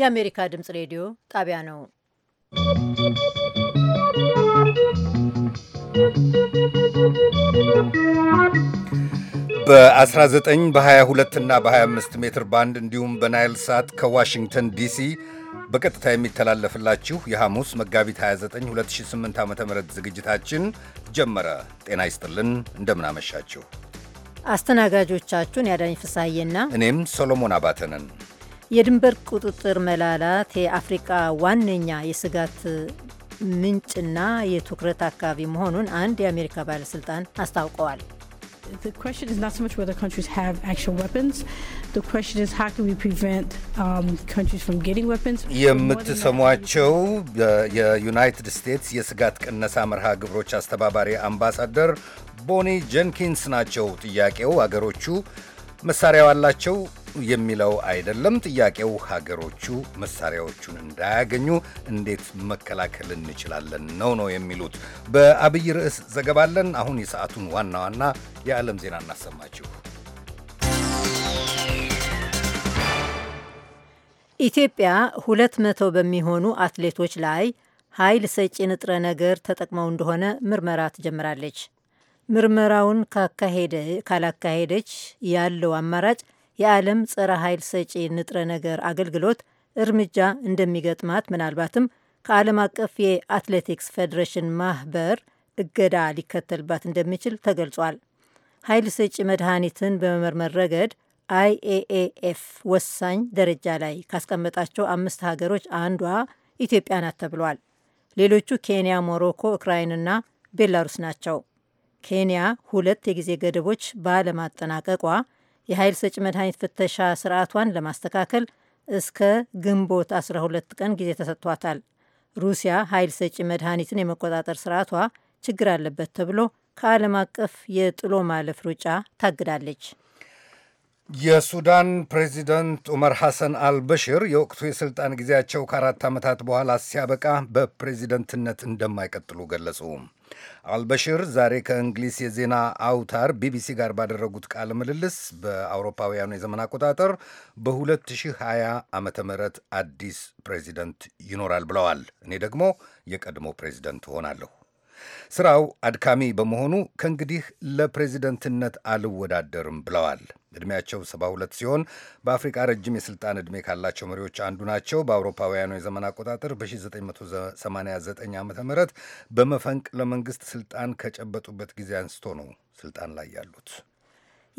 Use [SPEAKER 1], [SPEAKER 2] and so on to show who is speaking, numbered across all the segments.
[SPEAKER 1] የአሜሪካ ድምፅ ሬዲዮ ጣቢያ ነው።
[SPEAKER 2] በ19 በ22 እና በ25 ሜትር ባንድ እንዲሁም በናይል ሳት ከዋሽንግተን ዲሲ በቀጥታ የሚተላለፍላችሁ የሐሙስ መጋቢት 29 2008 ዓ ም ዝግጅታችን ጀመረ። ጤና ይስጥልን፣ እንደምናመሻችሁ።
[SPEAKER 1] አስተናጋጆቻችሁን ያዳኝ ፍሳዬና
[SPEAKER 2] እኔም ሶሎሞን አባተንን
[SPEAKER 1] የድንበር ቁጥጥር መላላት የአፍሪቃ ዋነኛ የስጋት ምንጭና የትኩረት አካባቢ መሆኑን አንድ የአሜሪካ ባለስልጣን አስታውቀዋል።
[SPEAKER 3] um, የምትሰሟቸው
[SPEAKER 2] የዩናይትድ ስቴትስ የስጋት ቅነሳ መርሃ ግብሮች አስተባባሪ አምባሳደር ቦኒ ጀንኪንስ ናቸው። ጥያቄው አገሮቹ መሳሪያ አላቸው የሚለው አይደለም። ጥያቄው ሀገሮቹ መሳሪያዎቹን እንዳያገኙ እንዴት መከላከል እንችላለን ነው ነው የሚሉት በአብይ ርዕስ ዘገባለን። አሁን የሰዓቱን ዋና ዋና የዓለም ዜና እናሰማችሁ።
[SPEAKER 1] ኢትዮጵያ ሁለት መቶ በሚሆኑ አትሌቶች ላይ ኃይል ሰጪ ንጥረ ነገር ተጠቅመው እንደሆነ ምርመራ ትጀምራለች። ምርመራውን ካላካሄደች ያለው አማራጭ የዓለም ጸረ ኃይል ሰጪ ንጥረ ነገር አገልግሎት እርምጃ እንደሚገጥማት ምናልባትም ከዓለም አቀፍ የአትሌቲክስ ፌዴሬሽን ማህበር እገዳ ሊከተልባት እንደሚችል ተገልጿል። ኃይል ሰጪ መድኃኒትን በመመርመር ረገድ አይኤኤኤፍ ወሳኝ ደረጃ ላይ ካስቀመጣቸው አምስት ሀገሮች አንዷ ኢትዮጵያ ናት ተብሏል። ሌሎቹ ኬንያ፣ ሞሮኮ፣ ኡክራይንና ቤላሩስ ናቸው። ኬንያ ሁለት የጊዜ ገደቦች ባለማጠናቀቋ የኃይል ሰጪ መድኃኒት ፍተሻ ስርዓቷን ለማስተካከል እስከ ግንቦት 12 ቀን ጊዜ ተሰጥቷታል። ሩሲያ ኃይል ሰጪ መድኃኒትን የመቆጣጠር ስርዓቷ ችግር አለበት ተብሎ ከዓለም አቀፍ የጥሎ ማለፍ ሩጫ ታግዳለች።
[SPEAKER 2] የሱዳን ፕሬዚደንት ዑመር ሐሰን አልበሽር የወቅቱ የሥልጣን ጊዜያቸው ከአራት ዓመታት በኋላ ሲያበቃ በፕሬዚደንትነት እንደማይቀጥሉ ገለጹ። አልበሽር ዛሬ ከእንግሊዝ የዜና አውታር ቢቢሲ ጋር ባደረጉት ቃለ ምልልስ በአውሮፓውያኑ የዘመን አቆጣጠር በ2020 ዓመተ ምህረት አዲስ ፕሬዚደንት ይኖራል ብለዋል። እኔ ደግሞ የቀድሞ ፕሬዚደንት እሆናለሁ። ስራው አድካሚ በመሆኑ ከእንግዲህ ለፕሬዚደንትነት አልወዳደርም ብለዋል። እድሜያቸው 72 ሲሆን በአፍሪቃ ረጅም የስልጣን ዕድሜ ካላቸው መሪዎች አንዱ ናቸው። በአውሮፓውያኑ የዘመን አቆጣጠር በ1989 ዓ ም በመፈንቅለ መንግስት ስልጣን ከጨበጡበት ጊዜ አንስቶ ነው ስልጣን ላይ ያሉት።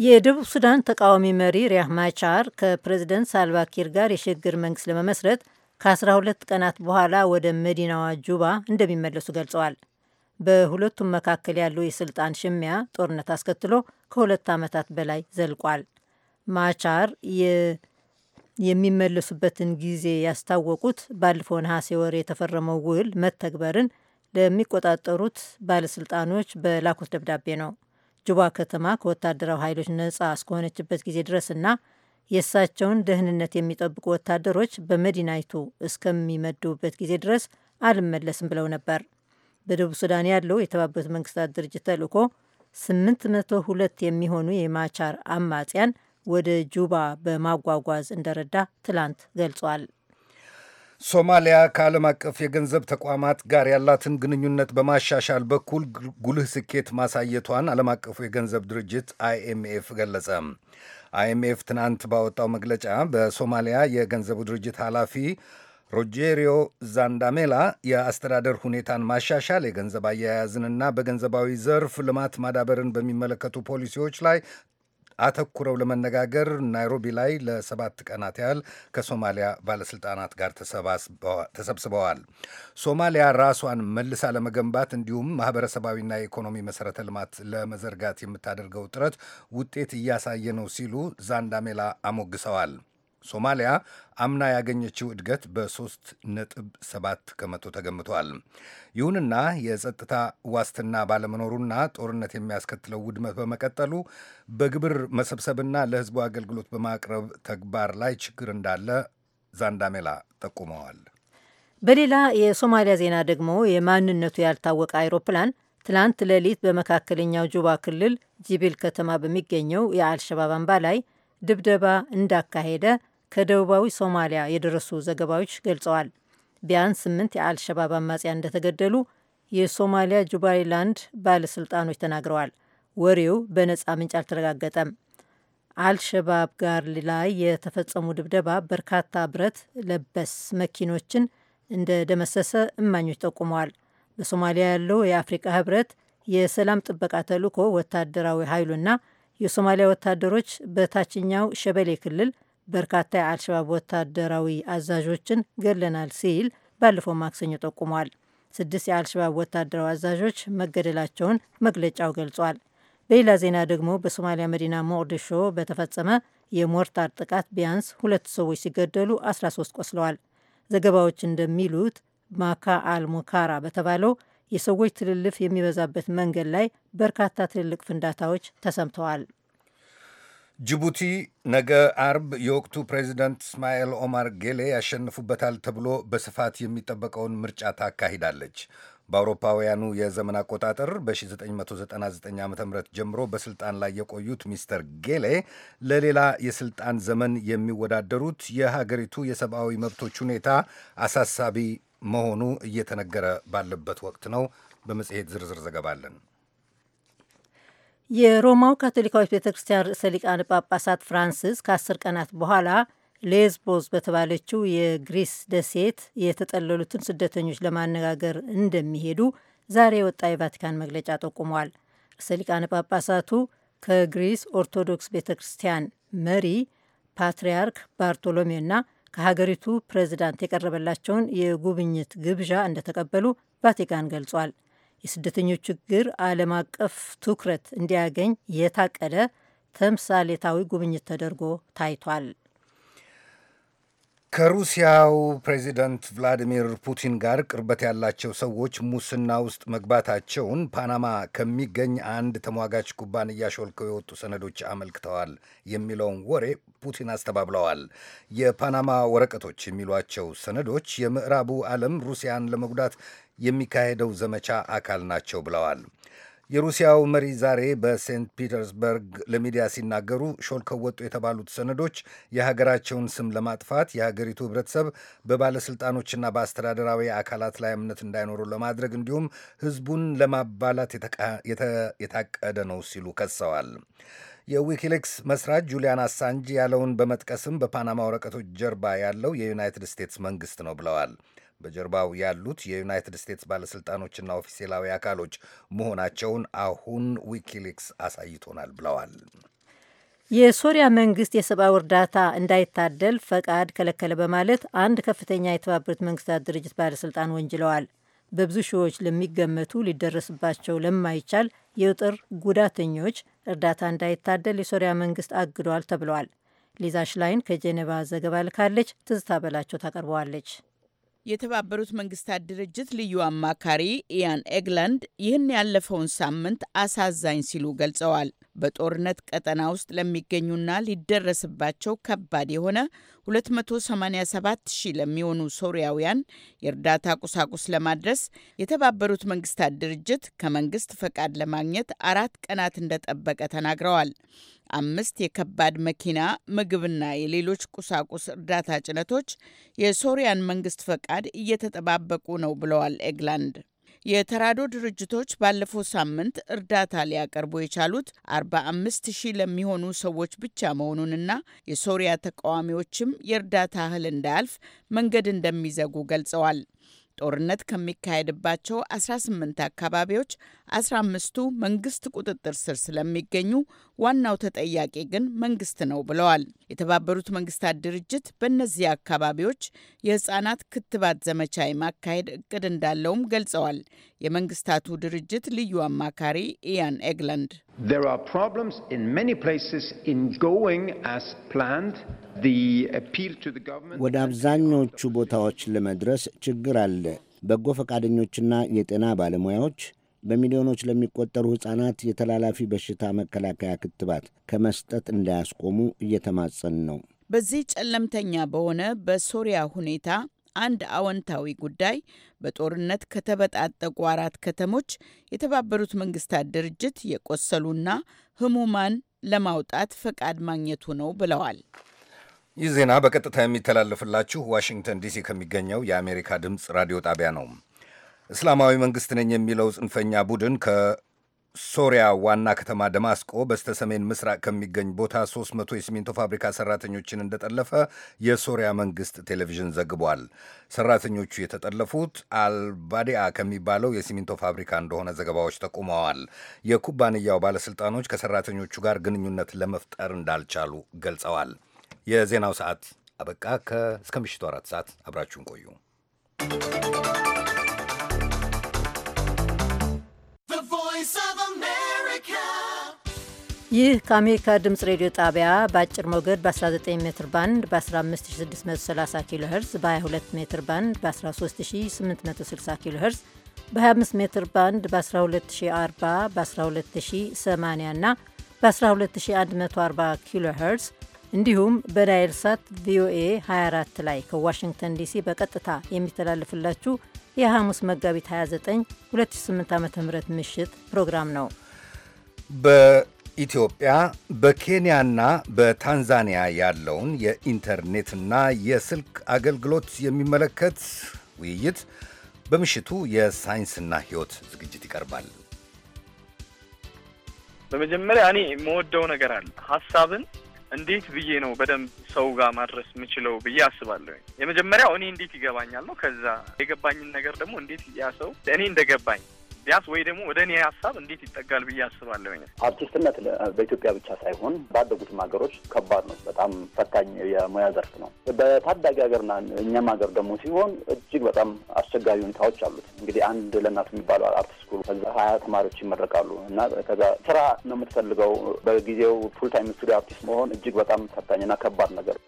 [SPEAKER 1] የደቡብ ሱዳን ተቃዋሚ መሪ ሪያህ ማቻር ከፕሬዚደንት ሳልቫኪር ጋር የሽግግር መንግስት ለመመስረት ከ12 ቀናት በኋላ ወደ መዲናዋ ጁባ እንደሚመለሱ ገልጸዋል። በሁለቱም መካከል ያለው የስልጣን ሽሚያ ጦርነት አስከትሎ ከሁለት ዓመታት በላይ ዘልቋል። ማቻር የሚመለሱበትን ጊዜ ያስታወቁት ባለፈው ነሐሴ ወር የተፈረመው ውል መተግበርን ለሚቆጣጠሩት ባለስልጣኖች በላኩት ደብዳቤ ነው። ጁባ ከተማ ከወታደራዊ ኃይሎች ነጻ እስከሆነችበት ጊዜ ድረስና የእሳቸውን ደህንነት የሚጠብቁ ወታደሮች በመዲናይቱ እስከሚመድቡበት ጊዜ ድረስ አልመለስም ብለው ነበር። በደቡብ ሱዳን ያለው የተባበሩት መንግስታት ድርጅት ተልእኮ 802 የሚሆኑ የማቻር አማጽያን ወደ ጁባ በማጓጓዝ እንደረዳ ትላንት ገልጿል። ሶማሊያ
[SPEAKER 2] ከዓለም አቀፍ የገንዘብ ተቋማት ጋር ያላትን ግንኙነት በማሻሻል በኩል ጉልህ ስኬት ማሳየቷን ዓለም አቀፉ የገንዘብ ድርጅት አይኤምኤፍ ገለጸ። አይኤምኤፍ ትናንት ባወጣው መግለጫ በሶማሊያ የገንዘቡ ድርጅት ኃላፊ ሮጀሪዮ ዛንዳሜላ የአስተዳደር ሁኔታን ማሻሻል፣ የገንዘብ አያያዝንና በገንዘባዊ ዘርፍ ልማት ማዳበርን በሚመለከቱ ፖሊሲዎች ላይ አተኩረው ለመነጋገር ናይሮቢ ላይ ለሰባት ቀናት ያህል ከሶማሊያ ባለስልጣናት ጋር ተሰብስበዋል። ሶማሊያ ራሷን መልሳ ለመገንባት እንዲሁም ማህበረሰባዊና የኢኮኖሚ መሰረተ ልማት ለመዘርጋት የምታደርገው ጥረት ውጤት እያሳየ ነው ሲሉ ዛንዳሜላ አሞግሰዋል። ሶማሊያ አምና ያገኘችው እድገት በ3 ነጥብ 7 ከመቶ ተገምቷል። ይሁንና የጸጥታ ዋስትና ባለመኖሩና ጦርነት የሚያስከትለው ውድመት በመቀጠሉ በግብር መሰብሰብና ለሕዝቡ አገልግሎት በማቅረብ ተግባር ላይ ችግር እንዳለ ዛንዳሜላ ጠቁመዋል።
[SPEAKER 1] በሌላ የሶማሊያ ዜና ደግሞ የማንነቱ ያልታወቀ አይሮፕላን ትላንት ሌሊት በመካከለኛው ጁባ ክልል ጂቢል ከተማ በሚገኘው የአልሸባብ አምባ ላይ ድብደባ እንዳካሄደ ከደቡባዊ ሶማሊያ የደረሱ ዘገባዎች ገልጸዋል። ቢያንስ ስምንት የአልሸባብ አማጽያን እንደተገደሉ የሶማሊያ ጁባይላንድ ባለስልጣኖች ተናግረዋል። ወሬው በነጻ ምንጭ አልተረጋገጠም። አልሸባብ ጋር ላይ የተፈጸሙ ድብደባ በርካታ ብረት ለበስ መኪኖችን እንደደመሰሰ እማኞች ጠቁመዋል። በሶማሊያ ያለው የአፍሪቃ ህብረት የሰላም ጥበቃ ተልኮ ወታደራዊ ኃይሉና የሶማሊያ ወታደሮች በታችኛው ሸበሌ ክልል በርካታ የአልሸባብ ወታደራዊ አዛዦችን ገለናል ሲል ባለፈው ማክሰኞ ጠቁሟል። ስድስት የአልሸባብ ወታደራዊ አዛዦች መገደላቸውን መግለጫው ገልጿል። በሌላ ዜና ደግሞ በሶማሊያ መዲና ሞቅዲሾ በተፈጸመ የሞርታር ጥቃት ቢያንስ ሁለት ሰዎች ሲገደሉ 13 ቆስለዋል። ዘገባዎች እንደሚሉት ማካ አልሙካራ በተባለው የሰዎች ትልልፍ የሚበዛበት መንገድ ላይ በርካታ ትልልቅ ፍንዳታዎች ተሰምተዋል።
[SPEAKER 2] ጅቡቲ ነገ አርብ የወቅቱ ፕሬዚደንት እስማኤል ኦማር ጌሌ ያሸንፉበታል ተብሎ በስፋት የሚጠበቀውን ምርጫ ታካሂዳለች። በአውሮፓውያኑ የዘመን አቆጣጠር በ1999 ዓ ም ጀምሮ በስልጣን ላይ የቆዩት ሚስተር ጌሌ ለሌላ የስልጣን ዘመን የሚወዳደሩት የሀገሪቱ የሰብአዊ መብቶች ሁኔታ አሳሳቢ መሆኑ እየተነገረ ባለበት ወቅት ነው። በመጽሔት ዝርዝር ዘገባ
[SPEAKER 1] የሮማው ካቶሊካዊት ቤተ ክርስቲያን ርዕሰ ሊቃነ ጳጳሳት ፍራንስስ ከአስር ቀናት በኋላ ሌዝቦስ በተባለችው የግሪስ ደሴት የተጠለሉትን ስደተኞች ለማነጋገር እንደሚሄዱ ዛሬ የወጣ የቫቲካን መግለጫ ጠቁሟል። ርዕሰ ሊቃነ ጳጳሳቱ ከግሪስ ኦርቶዶክስ ቤተ ክርስቲያን መሪ ፓትርያርክ ባርቶሎሜውና ከሀገሪቱ ፕሬዚዳንት የቀረበላቸውን የጉብኝት ግብዣ እንደተቀበሉ ቫቲካን ገልጿል። የስደተኞች ችግር ዓለም አቀፍ ትኩረት እንዲያገኝ የታቀደ ተምሳሌታዊ ጉብኝት ተደርጎ ታይቷል።
[SPEAKER 2] ከሩሲያው ፕሬዚደንት ቭላዲሚር ፑቲን ጋር ቅርበት ያላቸው ሰዎች ሙስና ውስጥ መግባታቸውን ፓናማ ከሚገኝ አንድ ተሟጋች ኩባንያ ሾልከው የወጡ ሰነዶች አመልክተዋል የሚለውን ወሬ ፑቲን አስተባብለዋል። የፓናማ ወረቀቶች የሚሏቸው ሰነዶች የምዕራቡ ዓለም ሩሲያን ለመጉዳት የሚካሄደው ዘመቻ አካል ናቸው ብለዋል። የሩሲያው መሪ ዛሬ በሴንት ፒተርስበርግ ለሚዲያ ሲናገሩ ሾልከው ወጡ የተባሉት ሰነዶች የሀገራቸውን ስም ለማጥፋት የሀገሪቱ ሕብረተሰብ በባለስልጣኖችና በአስተዳደራዊ አካላት ላይ እምነት እንዳይኖሩ ለማድረግ እንዲሁም ሕዝቡን ለማባላት የታቀደ ነው ሲሉ ከሰዋል። የዊኪሊክስ መስራች ጁሊያን አሳንጅ ያለውን በመጥቀስም በፓናማ ወረቀቶች ጀርባ ያለው የዩናይትድ ስቴትስ መንግስት ነው ብለዋል። በጀርባው ያሉት የዩናይትድ ስቴትስ ባለሥልጣኖችና ኦፊሴላዊ አካሎች መሆናቸውን አሁን ዊኪሊክስ አሳይቶናል ብለዋል።
[SPEAKER 1] የሶሪያ መንግስት የሰብአዊ እርዳታ እንዳይታደል ፈቃድ ከለከለ በማለት አንድ ከፍተኛ የተባበሩት መንግስታት ድርጅት ባለሥልጣን ወንጅለዋል። በብዙ ሺዎች ለሚገመቱ ሊደረስባቸው ለማይቻል የውጥር ጉዳተኞች እርዳታ እንዳይታደል የሶሪያ መንግስት አግዷል ተብለዋል። ሊዛ ሽላይን ከጄኔቫ ዘገባ ልካለች። ትዝታ በላቸው ታቀርበዋለች።
[SPEAKER 3] የተባበሩት መንግስታት ድርጅት ልዩ አማካሪ ኢያን ኤግላንድ ይህን ያለፈውን ሳምንት አሳዛኝ ሲሉ ገልጸዋል። በጦርነት ቀጠና ውስጥ ለሚገኙና ሊደረስባቸው ከባድ የሆነ 287 ሺህ ለሚሆኑ ሶሪያውያን የእርዳታ ቁሳቁስ ለማድረስ የተባበሩት መንግስታት ድርጅት ከመንግስት ፈቃድ ለማግኘት አራት ቀናት እንደጠበቀ ተናግረዋል። አምስት የከባድ መኪና ምግብና የሌሎች ቁሳቁስ እርዳታ ጭነቶች የሶሪያን መንግስት ፈቃድ እየተጠባበቁ ነው ብለዋል ኤግላንድ። የተራዶ ድርጅቶች ባለፈው ሳምንት እርዳታ ሊያቀርቡ የቻሉት 45 ሺህ ለሚሆኑ ሰዎች ብቻ መሆኑንና የሶሪያ ተቃዋሚዎችም የእርዳታ እህል እንዳያልፍ መንገድ እንደሚዘጉ ገልጸዋል። ጦርነት ከሚካሄድባቸው 18 አካባቢዎች 15ቱ መንግስት ቁጥጥር ስር ስለሚገኙ ዋናው ተጠያቂ ግን መንግስት ነው ብለዋል። የተባበሩት መንግስታት ድርጅት በእነዚህ አካባቢዎች የህፃናት ክትባት ዘመቻ የማካሄድ እቅድ እንዳለውም ገልጸዋል። የመንግስታቱ ድርጅት ልዩ አማካሪ ኢያን ኤግላንድ
[SPEAKER 4] ወደ አብዛኞቹ ቦታዎች ለመድረስ ችግር አለ። በጎ ፈቃደኞችና የጤና ባለሙያዎች በሚሊዮኖች ለሚቆጠሩ ሕፃናት የተላላፊ በሽታ መከላከያ ክትባት ከመስጠት እንዳያስቆሙ እየተማጸን ነው።
[SPEAKER 3] በዚህ ጨለምተኛ በሆነ በሶሪያ ሁኔታ አንድ አዎንታዊ ጉዳይ በጦርነት ከተበጣጠቁ አራት ከተሞች የተባበሩት መንግስታት ድርጅት የቆሰሉና ህሙማን ለማውጣት ፈቃድ ማግኘቱ ነው ብለዋል።
[SPEAKER 2] ይህ ዜና በቀጥታ የሚተላለፍላችሁ ዋሽንግተን ዲሲ ከሚገኘው የአሜሪካ ድምፅ ራዲዮ ጣቢያ ነው። እስላማዊ መንግስት ነኝ የሚለው ጽንፈኛ ቡድን ሶሪያ ዋና ከተማ ደማስቆ በስተ ሰሜን ምስራቅ ከሚገኝ ቦታ 300 የሲሚንቶ ፋብሪካ ሰራተኞችን እንደጠለፈ የሶሪያ መንግስት ቴሌቪዥን ዘግቧል። ሰራተኞቹ የተጠለፉት አልባዲያ ከሚባለው የሲሚንቶ ፋብሪካ እንደሆነ ዘገባዎች ጠቁመዋል። የኩባንያው ባለስልጣኖች ከሰራተኞቹ ጋር ግንኙነት ለመፍጠር እንዳልቻሉ ገልጸዋል። የዜናው ሰዓት አበቃ። እስከ ምሽቱ አራት ሰዓት አብራችሁን ቆዩ።
[SPEAKER 1] ይህ ከአሜሪካ ድምፅ ሬዲዮ ጣቢያ በአጭር ሞገድ በ19 ሜትር ባንድ በ15630 ኪሎ ሄርዝ በ22 ሜትር ባንድ በ13860 ኪሎ ሄርዝ በ25 ሜትር ባንድ በ12040 በ12080 እና በ12140 ኪሎ ሄርዝ እንዲሁም በናይል ሳት ቪኦኤ 24 ላይ ከዋሽንግተን ዲሲ በቀጥታ የሚተላልፍላችሁ የሐሙስ መጋቢት 29 2008 ዓ.ም ምሽት ፕሮግራም ነው።
[SPEAKER 2] ኢትዮጵያ በኬንያና በታንዛኒያ ያለውን የኢንተርኔትና የስልክ አገልግሎት የሚመለከት ውይይት በምሽቱ የሳይንስና ሕይወት ዝግጅት ይቀርባል።
[SPEAKER 5] በመጀመሪያ እኔ የምወደው ነገር አለ። ሀሳብን እንዴት ብዬ ነው በደንብ ሰው ጋር ማድረስ የምችለው ብዬ አስባለሁ። የመጀመሪያው እኔ እንዴት ይገባኛል ነው። ከዛ የገባኝን ነገር ደግሞ እንዴት ያ ሰው እኔ እንደገባኝ ቢያንስ ወይ ደግሞ ወደ እኔ ሀሳብ እንዴት ይጠጋል ብዬ አስባለሁኝ።
[SPEAKER 6] አርቲስትነት በኢትዮጵያ ብቻ ሳይሆን ባደጉትም ሀገሮች ከባድ ነው። በጣም ፈታኝ የሙያ ዘርፍ ነው። በታዳጊ ሀገርና እኛም ሀገር ደግሞ ሲሆን እጅግ በጣም አስቸጋሪ ሁኔታዎች አሉት። እንግዲህ አንድ ለእናቱ የሚባለው አርቲስት ስኩል ከዛ ሀያ ተማሪዎች ይመረቃሉ እና ከዛ ስራ ነው የምትፈልገው በጊዜው ፉልታይም ስቱዲዮ አርቲስት መሆን እጅግ በጣም ፈታኝና ከባድ ነገር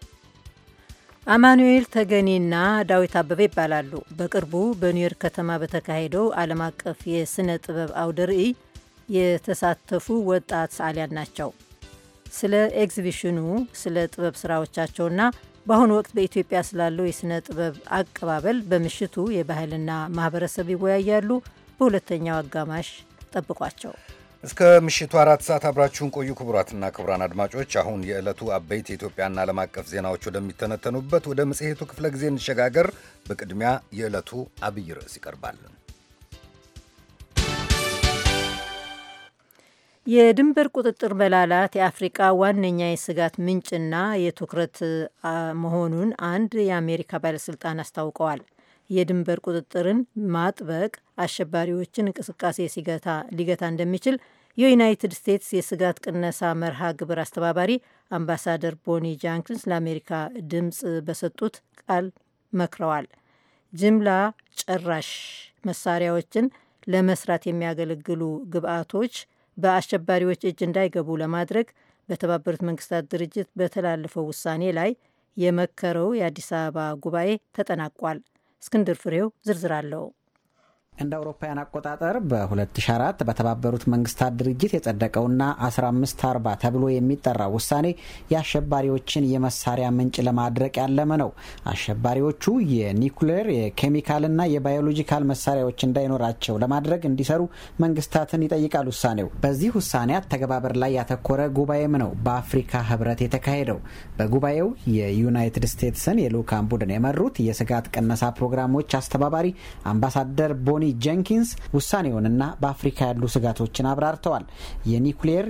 [SPEAKER 1] አማኑኤል ተገኔና ዳዊት አበበ ይባላሉ። በቅርቡ በኒውዮርክ ከተማ በተካሄደው ዓለም አቀፍ የሥነ ጥበብ አውደ ርዕይ የተሳተፉ ወጣት ሰዓሊያን ናቸው። ስለ ኤግዚቢሽኑ፣ ስለ ጥበብ ሥራዎቻቸውና በአሁኑ ወቅት በኢትዮጵያ ስላለው የሥነ ጥበብ አቀባበል በምሽቱ የባህልና ማህበረሰብ ይወያያሉ። በሁለተኛው አጋማሽ ጠብቋቸው።
[SPEAKER 2] እስከ ምሽቱ አራት ሰዓት አብራችሁን ቆዩ። ክቡራትና ክቡራን አድማጮች አሁን የዕለቱ አበይት የኢትዮጵያና ዓለም አቀፍ ዜናዎች ወደሚተነተኑበት ወደ መጽሔቱ ክፍለ ጊዜ እንሸጋገር። በቅድሚያ የዕለቱ አብይ ርዕስ ይቀርባል።
[SPEAKER 1] የድንበር ቁጥጥር መላላት የአፍሪቃ ዋነኛ የስጋት ምንጭና የትኩረት መሆኑን አንድ የአሜሪካ ባለስልጣን አስታውቀዋል። የድንበር ቁጥጥርን ማጥበቅ አሸባሪዎችን እንቅስቃሴ ሲገታ ሊገታ እንደሚችል የዩናይትድ ስቴትስ የስጋት ቅነሳ መርሃ ግብር አስተባባሪ አምባሳደር ቦኒ ጃንክንስ ለአሜሪካ ድምፅ በሰጡት ቃል መክረዋል። ጅምላ ጨራሽ መሳሪያዎችን ለመስራት የሚያገለግሉ ግብአቶች በአሸባሪዎች እጅ እንዳይገቡ ለማድረግ በተባበሩት መንግስታት ድርጅት በተላለፈው ውሳኔ ላይ የመከረው የአዲስ አበባ ጉባኤ ተጠናቋል። እስክንድር ፍሬው ዝርዝር አለው።
[SPEAKER 7] እንደ አውሮፓውያን አቆጣጠር በ2004 በተባበሩት መንግስታት ድርጅት የጸደቀውና 1540 ተብሎ የሚጠራው ውሳኔ የአሸባሪዎችን የመሳሪያ ምንጭ ለማድረቅ ያለመ ነው። አሸባሪዎቹ የኒኩሌር የኬሚካልና የባዮሎጂካል መሳሪያዎች እንዳይኖራቸው ለማድረግ እንዲሰሩ መንግስታትን ይጠይቃል ውሳኔው። በዚህ ውሳኔ አተገባበር ላይ ያተኮረ ጉባኤም ነው በአፍሪካ ህብረት የተካሄደው። በጉባኤው የዩናይትድ ስቴትስን የልዑካን ቡድን የመሩት የስጋት ቅነሳ ፕሮግራሞች አስተባባሪ አምባሳደር ቦኒ ቶኒ ጀንኪንስ ውሳኔውንና በአፍሪካ ያሉ ስጋቶችን አብራርተዋል። የኒውክሌር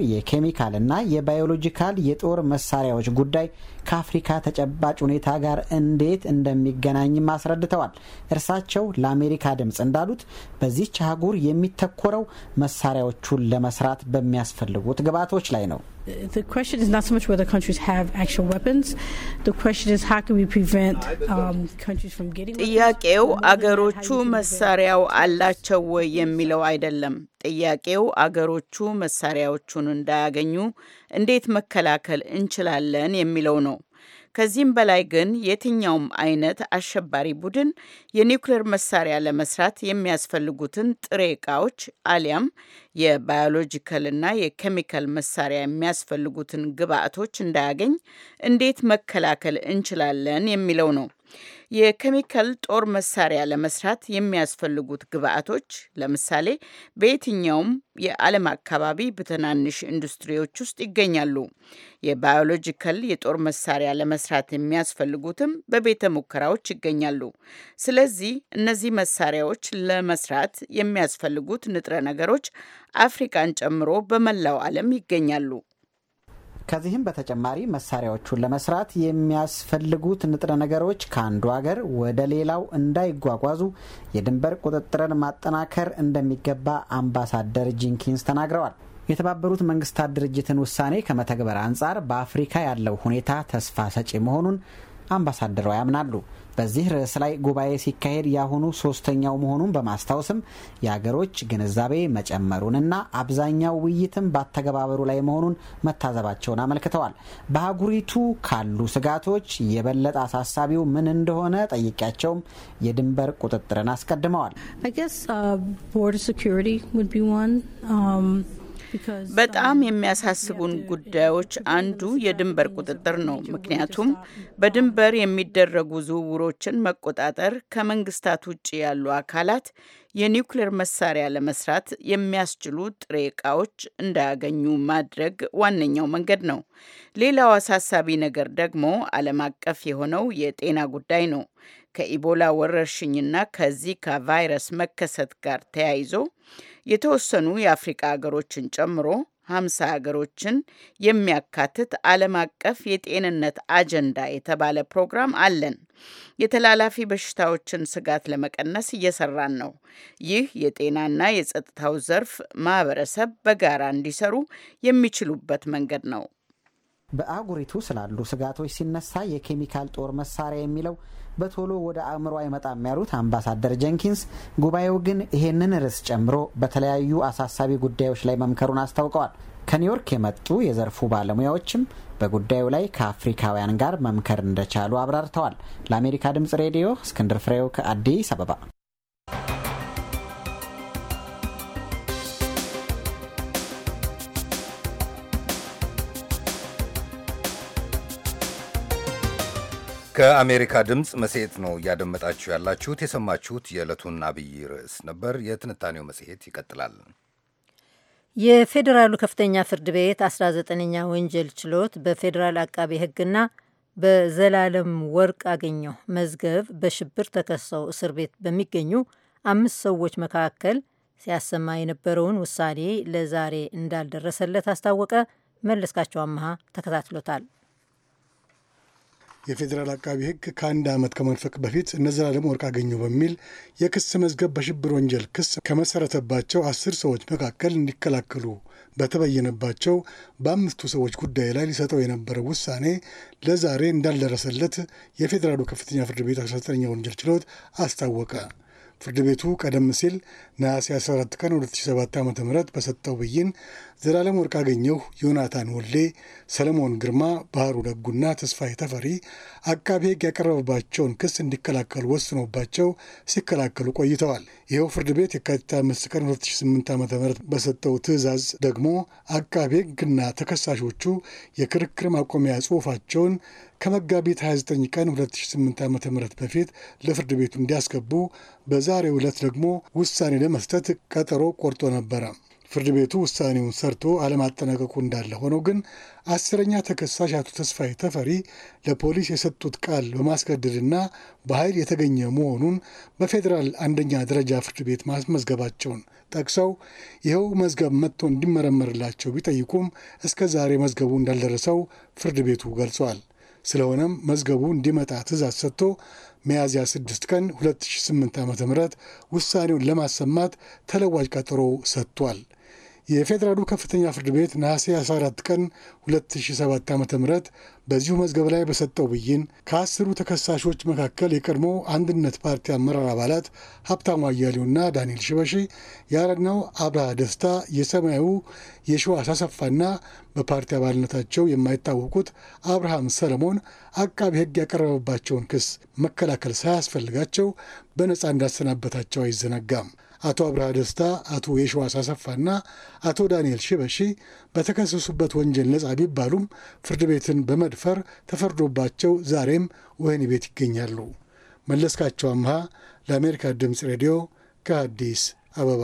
[SPEAKER 7] እና የባዮሎጂካል የጦር መሳሪያዎች ጉዳይ ከአፍሪካ ተጨባጭ ሁኔታ ጋር እንዴት እንደሚገናኝም አስረድተዋል። እርሳቸው ለአሜሪካ ድምፅ እንዳሉት በዚች አህጉር የሚተኮረው መሳሪያዎቹን ለመስራት በሚያስፈልጉት ግብዓቶች ላይ ነው።
[SPEAKER 1] um,
[SPEAKER 3] ጥያቄው አገሮቹ መሳሪያው አላቸው ወይ የሚለው አይደለም። ጥያቄው አገሮቹ መሳሪያዎቹን እንዳያገኙ እንዴት መከላከል እንችላለን የሚለው ነው። ከዚህም በላይ ግን የትኛውም አይነት አሸባሪ ቡድን የኒውክሌር መሳሪያ ለመስራት የሚያስፈልጉትን ጥሬ ዕቃዎች አሊያም የባዮሎጂካልና የኬሚካል መሳሪያ የሚያስፈልጉትን ግብአቶች እንዳያገኝ እንዴት መከላከል እንችላለን የሚለው ነው። የኬሚካል ጦር መሳሪያ ለመስራት የሚያስፈልጉት ግብአቶች ለምሳሌ በየትኛውም የዓለም አካባቢ በትናንሽ ኢንዱስትሪዎች ውስጥ ይገኛሉ። የባዮሎጂካል የጦር መሳሪያ ለመስራት የሚያስፈልጉትም በቤተ ሙከራዎች ይገኛሉ። ስለዚህ እነዚህ መሳሪያዎች ለመስራት የሚያስፈልጉት ንጥረ ነገሮች አፍሪቃን ጨምሮ በመላው ዓለም ይገኛሉ።
[SPEAKER 7] ከዚህም በተጨማሪ መሳሪያዎቹን ለመስራት የሚያስፈልጉት ንጥረ ነገሮች ከአንዱ ሀገር ወደ ሌላው እንዳይጓጓዙ የድንበር ቁጥጥርን ማጠናከር እንደሚገባ አምባሳደር ጂንኪንስ ተናግረዋል። የተባበሩት መንግስታት ድርጅትን ውሳኔ ከመተግበር አንጻር በአፍሪካ ያለው ሁኔታ ተስፋ ሰጪ መሆኑን አምባሳደሯ ያምናሉ። በዚህ ርዕስ ላይ ጉባኤ ሲካሄድ ያሁኑ ሶስተኛው መሆኑን በማስታወስም የሀገሮች ግንዛቤ መጨመሩንና አብዛኛው ውይይትም በአተገባበሩ ላይ መሆኑን መታዘባቸውን አመልክተዋል። በአህጉሪቱ ካሉ ስጋቶች የበለጠ አሳሳቢው ምን እንደሆነ ጠይቂያቸውም የድንበር ቁጥጥርን አስቀድመዋል።
[SPEAKER 3] በጣም የሚያሳስቡን ጉዳዮች አንዱ የድንበር ቁጥጥር ነው። ምክንያቱም በድንበር የሚደረጉ ዝውውሮችን መቆጣጠር ከመንግስታት ውጭ ያሉ አካላት የኒውክሌር መሳሪያ ለመስራት የሚያስችሉ ጥሬ እቃዎች እንዳያገኙ ማድረግ ዋነኛው መንገድ ነው። ሌላው አሳሳቢ ነገር ደግሞ ዓለም አቀፍ የሆነው የጤና ጉዳይ ነው። ከኢቦላ ወረርሽኝና ከዚካ ቫይረስ መከሰት ጋር ተያይዞ የተወሰኑ የአፍሪቃ ሀገሮችን ጨምሮ ሀምሳ ሀገሮችን የሚያካትት ዓለም አቀፍ የጤንነት አጀንዳ የተባለ ፕሮግራም አለን። የተላላፊ በሽታዎችን ስጋት ለመቀነስ እየሰራን ነው። ይህ የጤናና የጸጥታው ዘርፍ ማህበረሰብ በጋራ እንዲሰሩ የሚችሉበት መንገድ ነው።
[SPEAKER 7] በአህጉሪቱ ስላሉ ስጋቶች ሲነሳ የኬሚካል ጦር መሳሪያ የሚለው በቶሎ ወደ አእምሮ አይመጣም ያሉት አምባሳደር ጀንኪንስ ጉባኤው ግን ይሄንን ርዕስ ጨምሮ በተለያዩ አሳሳቢ ጉዳዮች ላይ መምከሩን አስታውቀዋል። ከኒውዮርክ የመጡ የዘርፉ ባለሙያዎችም በጉዳዩ ላይ ከአፍሪካውያን ጋር መምከር እንደቻሉ አብራርተዋል። ለአሜሪካ ድምጽ ሬዲዮ እስክንድር ፍሬው ከአዲስ አበባ
[SPEAKER 2] ከአሜሪካ ድምፅ መጽሔት ነው እያደመጣችሁ ያላችሁት። የሰማችሁት የዕለቱን አብይ ርዕስ ነበር። የትንታኔው መጽሔት ይቀጥላል።
[SPEAKER 1] የፌዴራሉ ከፍተኛ ፍርድ ቤት 19ኛ ወንጀል ችሎት በፌዴራል አቃቤ ሕግና በዘላለም ወርቅ አገኘሁ መዝገብ በሽብር ተከሰው እስር ቤት በሚገኙ አምስት ሰዎች መካከል ሲያሰማ የነበረውን ውሳኔ ለዛሬ እንዳልደረሰለት አስታወቀ። መለስካቸው አመሃ ተከታትሎታል።
[SPEAKER 8] የፌዴራል አቃቢ ህግ ከአንድ ዓመት ከመንፈቅ በፊት እነ ዘላለም ወርቅአገኘሁ በሚል የክስ መዝገብ በሽብር ወንጀል ክስ ከመሰረተባቸው አስር ሰዎች መካከል እንዲከላከሉ በተበየነባቸው በአምስቱ ሰዎች ጉዳይ ላይ ሊሰጠው የነበረው ውሳኔ ለዛሬ እንዳልደረሰለት የፌዴራሉ ከፍተኛ ፍርድ ቤት 19ኛ ወንጀል ችሎት አስታወቀ። ፍርድ ቤቱ ቀደም ሲል ነሐሴ 14 ቀን 2007 ዓ ም በሰጠው ብይን ዘላለም ወርቅአገኘሁ፣ ዮናታን ወልዴ፣ ሰለሞን ግርማ፣ ባህሩ ደጉና ተስፋዬ ተፈሪ አቃቤ ሕግ ያቀረበባቸውን ክስ እንዲከላከሉ ወስኖባቸው ሲከላከሉ ቆይተዋል። ይኸው ፍርድ ቤት የካቲት 5 ቀን 2008 ዓ ም በሰጠው ትዕዛዝ ደግሞ አቃቤ ሕግና ተከሳሾቹ የክርክር ማቆሚያ ጽሑፋቸውን ከመጋቢት 29 ቀን 2008 ዓ ም በፊት ለፍርድ ቤቱ እንዲያስገቡ በዛሬው ዕለት ደግሞ ውሳኔ ለመስጠት ቀጠሮ ቆርጦ ነበረ። ፍርድ ቤቱ ውሳኔውን ሰርቶ አለማጠናቀቁ እንዳለ ሆኖ ግን አስረኛ ተከሳሽ አቶ ተስፋዬ ተፈሪ ለፖሊስ የሰጡት ቃል በማስገደድና በኃይል የተገኘ መሆኑን በፌዴራል አንደኛ ደረጃ ፍርድ ቤት ማስመዝገባቸውን ጠቅሰው ይኸው መዝገብ መጥቶ እንዲመረመርላቸው ቢጠይቁም እስከ ዛሬ መዝገቡ እንዳልደረሰው ፍርድ ቤቱ ገልጿል። ስለሆነም መዝገቡ እንዲመጣ ትእዛዝ ሰጥቶ ሚያዝያ 6 ቀን 2008 ዓ ም ውሳኔውን ለማሰማት ተለዋጭ ቀጠሮ ሰጥቷል። የፌዴራሉ ከፍተኛ ፍርድ ቤት ነሐሴ 14 ቀን 2007 ዓ ም በዚሁ መዝገብ ላይ በሰጠው ብይን ከአስሩ ተከሳሾች መካከል የቀድሞ አንድነት ፓርቲ አመራር አባላት ሀብታሙ አያሌውና ዳንኤል ሽበሺ፣ የአረናው አብርሃ ደስታ፣ የሰማያዊ የሺዋስ አሰፋና በፓርቲ አባልነታቸው የማይታወቁት አብርሃም ሰለሞን አቃቢ ሕግ ያቀረበባቸውን ክስ መከላከል ሳያስፈልጋቸው በነፃ እንዳሰናበታቸው አይዘነጋም። አቶ አብርሃ ደስታ፣ አቶ የሸዋስ አሰፋና አቶ ዳንኤል ሽበሺ በተከሰሱበት ወንጀል ነጻ ቢባሉም ፍርድ ቤትን በመድፈር ተፈርዶባቸው ዛሬም ወህኒ ቤት ይገኛሉ። መለስካቸው አምሃ ለአሜሪካ ድምፅ ሬዲዮ ከአዲስ አበባ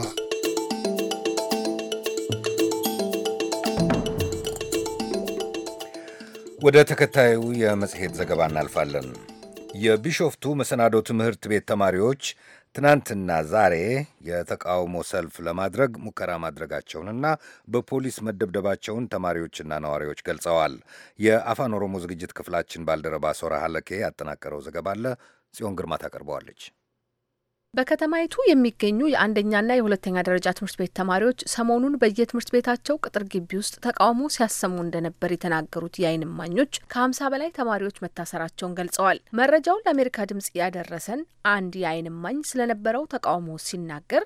[SPEAKER 2] ወደ ተከታዩ የመጽሔት ዘገባ እናልፋለን። የቢሾፍቱ መሰናዶ ትምህርት ቤት ተማሪዎች ትናንትና ዛሬ የተቃውሞ ሰልፍ ለማድረግ ሙከራ ማድረጋቸውንና በፖሊስ መደብደባቸውን ተማሪዎችና ነዋሪዎች ገልጸዋል። የአፋን ኦሮሞ ዝግጅት ክፍላችን ባልደረባ ሶራ ሀለኬ ያጠናቀረው ዘገባ አለ። ጽዮን ግርማ ታቀርበዋለች።
[SPEAKER 9] በከተማይቱ የሚገኙ የአንደኛና የሁለተኛ ደረጃ ትምህርት ቤት ተማሪዎች ሰሞኑን በየትምህርት ቤታቸው ቅጥር ግቢ ውስጥ ተቃውሞ ሲያሰሙ እንደነበር የተናገሩት የዓይን እማኞች ከሀምሳ በላይ ተማሪዎች መታሰራቸውን ገልጸዋል። መረጃውን ለአሜሪካ ድምጽ ያደረሰን አንድ የዓይን እማኝ ስለነበረው ተቃውሞ ሲናገር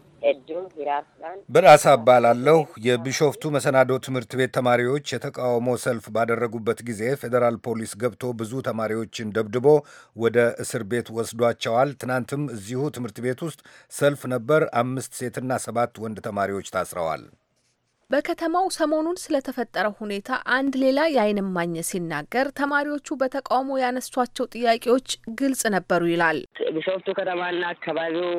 [SPEAKER 2] በራስ አባላለሁ የቢሾፍቱ መሰናዶ ትምህርት ቤት ተማሪዎች የተቃውሞ ሰልፍ ባደረጉበት ጊዜ ፌዴራል ፖሊስ ገብቶ ብዙ ተማሪዎችን ደብድቦ ወደ እስር ቤት ወስዷቸዋል። ትናንትም እዚሁ ትምህርት ቤት ውስጥ ሰልፍ ነበር። አምስት ሴትና ሰባት ወንድ ተማሪዎች ታስረዋል።
[SPEAKER 9] በከተማው ሰሞኑን ስለተፈጠረው ሁኔታ አንድ ሌላ የዓይን እማኝ ሲናገር ተማሪዎቹ በተቃውሞ ያነሷቸው ጥያቄዎች ግልጽ ነበሩ ይላል። ቢሾፍቱ
[SPEAKER 10] ከተማና አካባቢው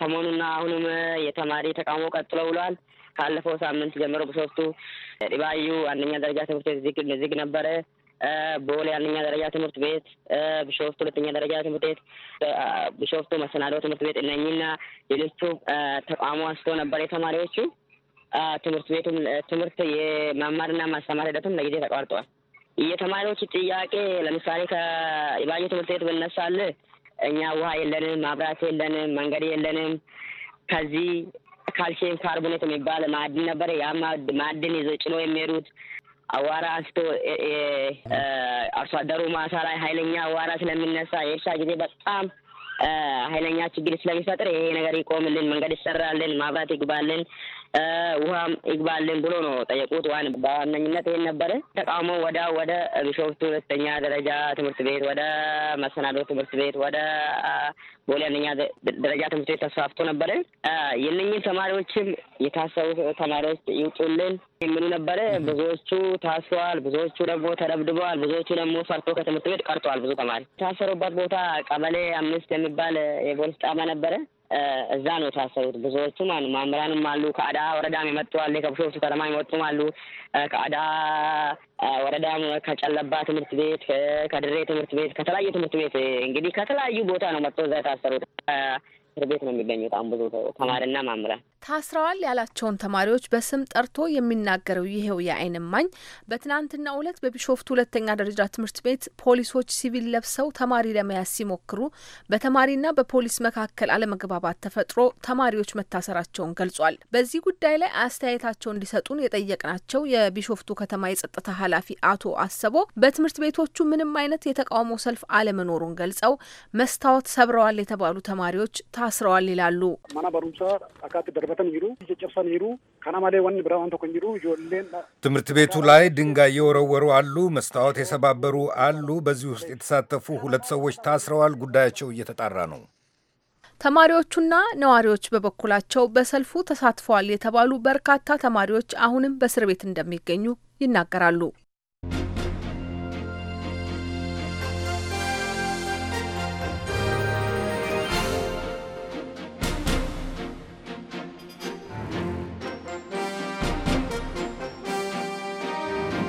[SPEAKER 10] ሰሞኑና አሁንም የተማሪ ተቃውሞ ቀጥሎ ውሏል። ካለፈው ሳምንት ጀምሮ በሶስቱ ዲባዩ አንደኛ ደረጃ ትምህርት ቤት ዝግ ነበረ። ቦሌ አንደኛ ደረጃ ትምህርት ቤት፣ ቢሾፍቱ ሁለተኛ ደረጃ ትምህርት ቤት፣ ቢሾፍቱ መሰናዶ ትምህርት ቤት እነኝና ሌሎቹ ተቃውሞ አንስቶ ነበር የተማሪዎቹ። ትምህርት ቤቱም ትምህርት የመማርና ማስተማር ሂደቱም ለጊዜ ተቋርጠዋል። የተማሪዎች ጥያቄ ለምሳሌ ከኢባዩ ትምህርት ቤት ብነሳል እኛ ውሃ የለንም፣ ማብራት የለንም፣ መንገድ የለንም። ከዚህ ካልሽየም ካርቦኔት የሚባል ማዕድን ነበረ። ያ ማዕድን ይዞ ጭኖ የሚሄዱት አዋራ አንስቶ አርሶ አደሩ ማሳ ላይ ኃይለኛ አዋራ ስለሚነሳ የእርሻ ጊዜ በጣም ኃይለኛ ችግር ስለሚፈጥር ይሄ ነገር ይቆምልን፣ መንገድ ይሰራልን፣ ማብራት ይግባልን፣ ውሃም ይግባልን ብሎ ነው ጠየቁት። ዋን በዋነኝነት ይሄን ነበረ ተቃውሞ ወደ ወደ ቢሾፍቱ ሁለተኛ ደረጃ ትምህርት ቤት፣ ወደ መሰናዶ ትምህርት ቤት፣ ወደ ቦሌ አንደኛ ደረጃ ትምህርት ቤት ተስፋፍቶ ነበረ። የነኝን ተማሪዎችም የታሰሩ ተማሪዎች ይውጡልን የሚሉ ነበረ። ብዙዎቹ ታስሯል፣ ብዙዎቹ ደግሞ ተደብድበዋል፣ ብዙዎቹ ደግሞ ፈርቶ ከትምህርት ቤት ቀርተዋል። ብዙ ተማሪ የታሰሩበት ቦታ ቀበሌ አምስት የሚባል የፖሊስ ጣቢያ ነበረ። Eh, እዛ ነው የታሰሩት ብዙዎቹ ማለት ማምራንም አሉ። ከአዳ ወረዳም የመጡ አለ። ከብሾፍቱ ከተማ የመጡም አሉ። eh, ከአዳ eh, ወረዳም ከጨለባ ትምህርት ቤት፣ ከድሬ ትምህርት ቤት፣ ከተለያየ ትምህርት ቤት እንግዲህ ከተለያዩ ቦታ ነው መጥቶ እዛ የታሰሩት። እስር ቤት ነው የሚገኙ በጣም ብዙ ተማሪና መምህራን
[SPEAKER 9] ታስረዋል ያላቸውን ተማሪዎች በስም ጠርቶ የሚናገረው ይሄው የአይን እማኝ በትናንትናው ሁለት በቢሾፍቱ ሁለተኛ ደረጃ ትምህርት ቤት ፖሊሶች ሲቪል ለብሰው ተማሪ ለመያዝ ሲሞክሩ በተማሪና በፖሊስ መካከል አለመግባባት ተፈጥሮ ተማሪዎች መታሰራቸውን ገልጿል። በዚህ ጉዳይ ላይ አስተያየታቸው እንዲሰጡን የጠየቅናቸው የቢሾፍቱ ከተማ የጸጥታ ኃላፊ አቶ አሰቦ በትምህርት ቤቶቹ ምንም አይነት የተቃውሞ ሰልፍ አለመኖሩን ገልጸው መስታወት ሰብረዋል የተባሉ ተማሪዎች ታስረዋል ይላሉ።
[SPEAKER 2] ትምህርት ቤቱ ላይ ድንጋይ የወረወሩ አሉ፣ መስታወት የሰባበሩ አሉ። በዚህ ውስጥ የተሳተፉ ሁለት ሰዎች ታስረዋል። ጉዳያቸው እየተጣራ ነው።
[SPEAKER 9] ተማሪዎቹና ነዋሪዎች በበኩላቸው በሰልፉ ተሳትፈዋል የተባሉ በርካታ ተማሪዎች አሁንም በእስር ቤት እንደሚገኙ ይናገራሉ።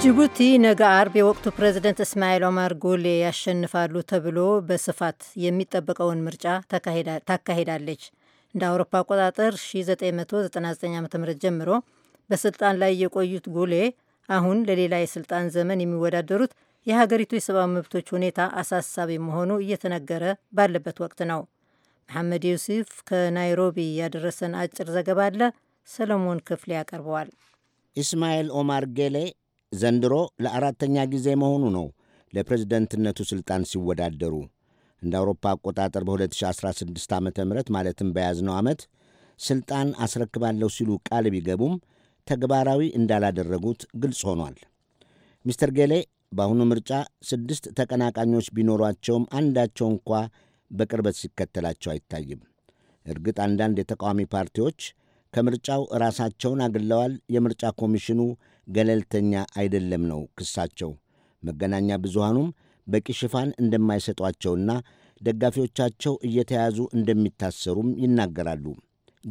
[SPEAKER 1] ጅቡቲ ነገ አርብ የወቅቱ ፕሬዝደንት እስማኤል ኦማር ጎሌ ያሸንፋሉ ተብሎ በስፋት የሚጠበቀውን ምርጫ ታካሂዳለች። እንደ አውሮፓ አቆጣጠር 1999 ዓ ም ጀምሮ በስልጣን ላይ የቆዩት ጎሌ አሁን ለሌላ የስልጣን ዘመን የሚወዳደሩት የሀገሪቱ የሰብአዊ መብቶች ሁኔታ አሳሳቢ መሆኑ እየተነገረ ባለበት ወቅት ነው። መሐመድ ዩሱፍ ከናይሮቢ ያደረሰን አጭር ዘገባ አለ። ሰለሞን ክፍሌ ያቀርበዋል።
[SPEAKER 4] ኢስማኤል ኦማር ጌሌ ዘንድሮ ለአራተኛ ጊዜ መሆኑ ነው ለፕሬዝደንትነቱ ሥልጣን ሲወዳደሩ እንደ አውሮፓ አቆጣጠር በ2016 ዓ ም ማለትም በያዝነው ዓመት ሥልጣን አስረክባለሁ ሲሉ ቃል ቢገቡም ተግባራዊ እንዳላደረጉት ግልጽ ሆኗል። ሚስተር ጌሌ በአሁኑ ምርጫ ስድስት ተቀናቃኞች ቢኖሯቸውም አንዳቸው እንኳ በቅርበት ሲከተላቸው አይታይም። እርግጥ አንዳንድ የተቃዋሚ ፓርቲዎች ከምርጫው ራሳቸውን አግለዋል። የምርጫ ኮሚሽኑ ገለልተኛ አይደለም ነው ክሳቸው። መገናኛ ብዙሃኑም በቂ ሽፋን እንደማይሰጧቸውና ደጋፊዎቻቸው እየተያዙ እንደሚታሰሩም ይናገራሉ።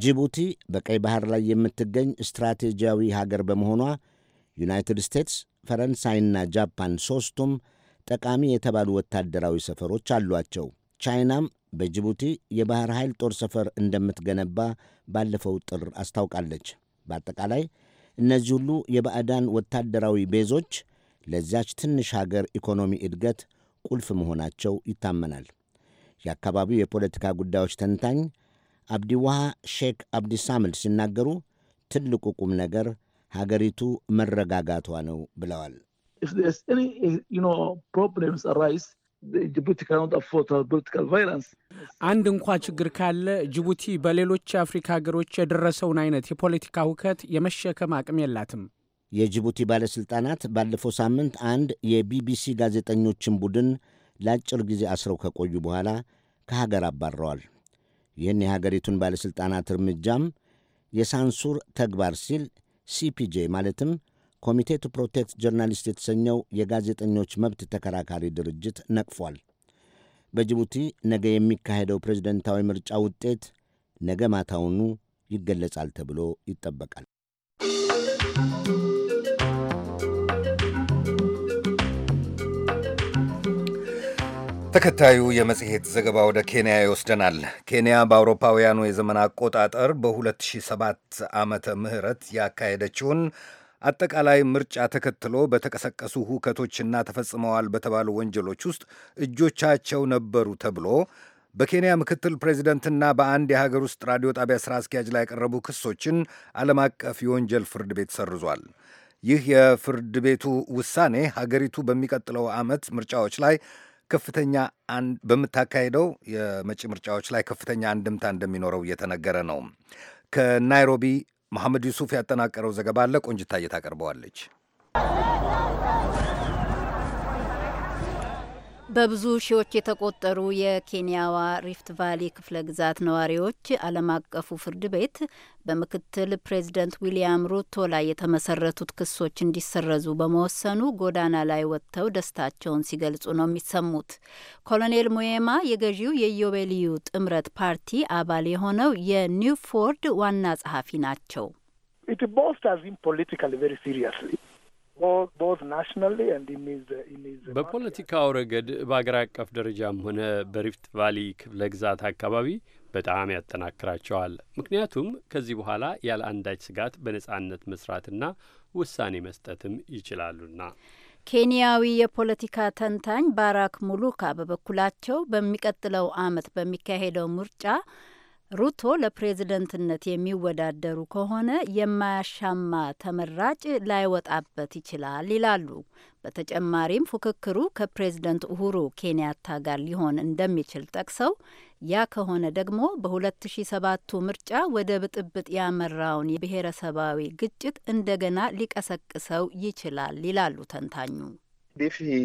[SPEAKER 4] ጅቡቲ በቀይ ባህር ላይ የምትገኝ ስትራቴጂያዊ ሀገር በመሆኗ ዩናይትድ ስቴትስ፣ ፈረንሳይና ጃፓን ሦስቱም ጠቃሚ የተባሉ ወታደራዊ ሰፈሮች አሏቸው። ቻይናም በጅቡቲ የባሕር ኃይል ጦር ሰፈር እንደምትገነባ ባለፈው ጥር አስታውቃለች። በአጠቃላይ እነዚህ ሁሉ የባዕዳን ወታደራዊ ቤዞች ለዚያች ትንሽ ሀገር ኢኮኖሚ እድገት ቁልፍ መሆናቸው ይታመናል። የአካባቢው የፖለቲካ ጉዳዮች ተንታኝ አብዲዋሃ ሼክ አብዲሳምል ሲናገሩ ትልቁ ቁም ነገር ሀገሪቱ መረጋጋቷ ነው
[SPEAKER 11] ብለዋል።
[SPEAKER 7] አንድ እንኳ ችግር ካለ ጅቡቲ በሌሎች የአፍሪካ ሀገሮች የደረሰውን አይነት የፖለቲካ ሁከት የመሸከም አቅም የላትም።
[SPEAKER 4] የጅቡቲ ባለሥልጣናት ባለፈው ሳምንት አንድ የቢቢሲ ጋዜጠኞችን ቡድን ለአጭር ጊዜ አስረው ከቆዩ በኋላ ከሀገር አባረዋል። ይህን የሀገሪቱን ባለሥልጣናት እርምጃም የሳንሱር ተግባር ሲል ሲፒጄ ማለትም ኮሚቴ ቱ ፕሮቴክት ጀርናሊስት የተሰኘው የጋዜጠኞች መብት ተከራካሪ ድርጅት ነቅፏል። በጅቡቲ ነገ የሚካሄደው ፕሬዝደንታዊ ምርጫ ውጤት ነገ ማታውኑ ይገለጻል ተብሎ ይጠበቃል።
[SPEAKER 2] ተከታዩ የመጽሔት ዘገባ ወደ ኬንያ ይወስደናል። ኬንያ በአውሮፓውያኑ የዘመን አቆጣጠር በ2007 ዓመተ ምህረት ያካሄደችውን አጠቃላይ ምርጫ ተከትሎ በተቀሰቀሱ ሁከቶችና ተፈጽመዋል በተባሉ ወንጀሎች ውስጥ እጆቻቸው ነበሩ ተብሎ በኬንያ ምክትል ፕሬዚደንትና በአንድ የሀገር ውስጥ ራዲዮ ጣቢያ ሥራ አስኪያጅ ላይ የቀረቡ ክሶችን ዓለም አቀፍ የወንጀል ፍርድ ቤት ሰርዟል። ይህ የፍርድ ቤቱ ውሳኔ ሀገሪቱ በሚቀጥለው ዓመት ምርጫዎች ላይ ከፍተኛ በምታካሄደው የመጪ ምርጫዎች ላይ ከፍተኛ አንድምታ እንደሚኖረው እየተነገረ ነው። ከናይሮቢ መሐመድ ዩሱፍ ያጠናቀረው ዘገባ አለ። ቆንጅታ እየታቀርበዋለች።
[SPEAKER 12] በብዙ ሺዎች የተቆጠሩ የኬንያዋ ሪፍት ቫሊ ክፍለ ግዛት ነዋሪዎች ዓለም አቀፉ ፍርድ ቤት በምክትል ፕሬዚደንት ዊሊያም ሩቶ ላይ የተመሰረቱት ክሶች እንዲሰረዙ በመወሰኑ ጎዳና ላይ ወጥተው ደስታቸውን ሲገልጹ ነው የሚሰሙት። ኮሎኔል ሙዬማ የገዢው የዮቤልዩ ጥምረት ፓርቲ አባል የሆነው የኒውፎርድ ዋና ጸሐፊ ናቸው።
[SPEAKER 8] Uh, uh,
[SPEAKER 13] በፖለቲካው ረገድ በአገር አቀፍ ደረጃም ሆነ በሪፍት ቫሊ ክፍለ ግዛት አካባቢ በጣም ያጠናክራቸዋል። ምክንያቱም ከዚህ በኋላ ያለ አንዳች ስጋት በነጻነት መስራትና ውሳኔ መስጠትም ይችላሉና።
[SPEAKER 12] ኬንያዊ የፖለቲካ ተንታኝ ባራክ ሙሉካ በበኩላቸው በሚቀጥለው ዓመት በሚካሄደው ምርጫ ሩቶ ለፕሬዝደንትነት የሚወዳደሩ ከሆነ የማያሻማ ተመራጭ ላይወጣበት ይችላል ይላሉ። በተጨማሪም ፉክክሩ ከፕሬዝደንት ኡሁሩ ኬንያታ ጋር ሊሆን እንደሚችል ጠቅሰው ያ ከሆነ ደግሞ በ2007ቱ ምርጫ ወደ ብጥብጥ ያመራውን የብሔረሰባዊ ግጭት እንደገና ሊቀሰቅሰው ይችላል ይላሉ ተንታኙ። if he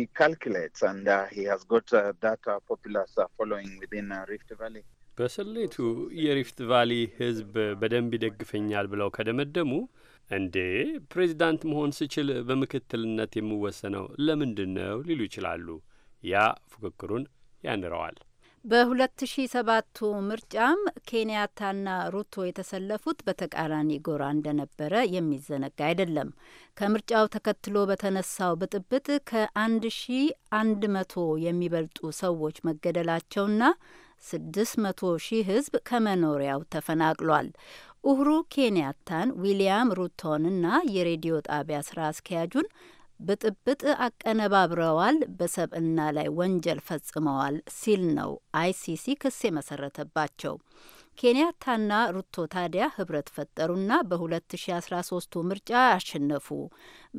[SPEAKER 12] በስሌቱ የሪፍት ቫሊ
[SPEAKER 13] ህዝብ በደንብ ይደግፈኛል ብለው ከደመደሙ እንዴ ፕሬዚዳንት መሆን ስችል በምክትልነት የምወሰነው ለምንድን ነው ሊሉ ይችላሉ። ያ ፉክክሩን ያንረዋል።
[SPEAKER 12] በ2007ቱ ምርጫም ኬንያታና ሩቶ የተሰለፉት በተቃራኒ ጎራ እንደነበረ የሚዘነጋ አይደለም። ከምርጫው ተከትሎ በተነሳው ብጥብጥ ከ መቶ የሚበልጡ ሰዎች መገደላቸውና 600 ሺህ ህዝብ ከመኖሪያው ተፈናቅሏል። ኡሁሩ ኬንያታን፣ ዊልያም ሩቶንና የሬዲዮ ጣቢያ ስራ አስኪያጁን ብጥብጥ አቀነባብረዋል፣ በሰብዕና ላይ ወንጀል ፈጽመዋል ሲል ነው አይሲሲ ክስ የመሰረተባቸው። ኬንያታና ሩቶ ታዲያ ህብረት ፈጠሩና በ2013 ምርጫ አሸነፉ።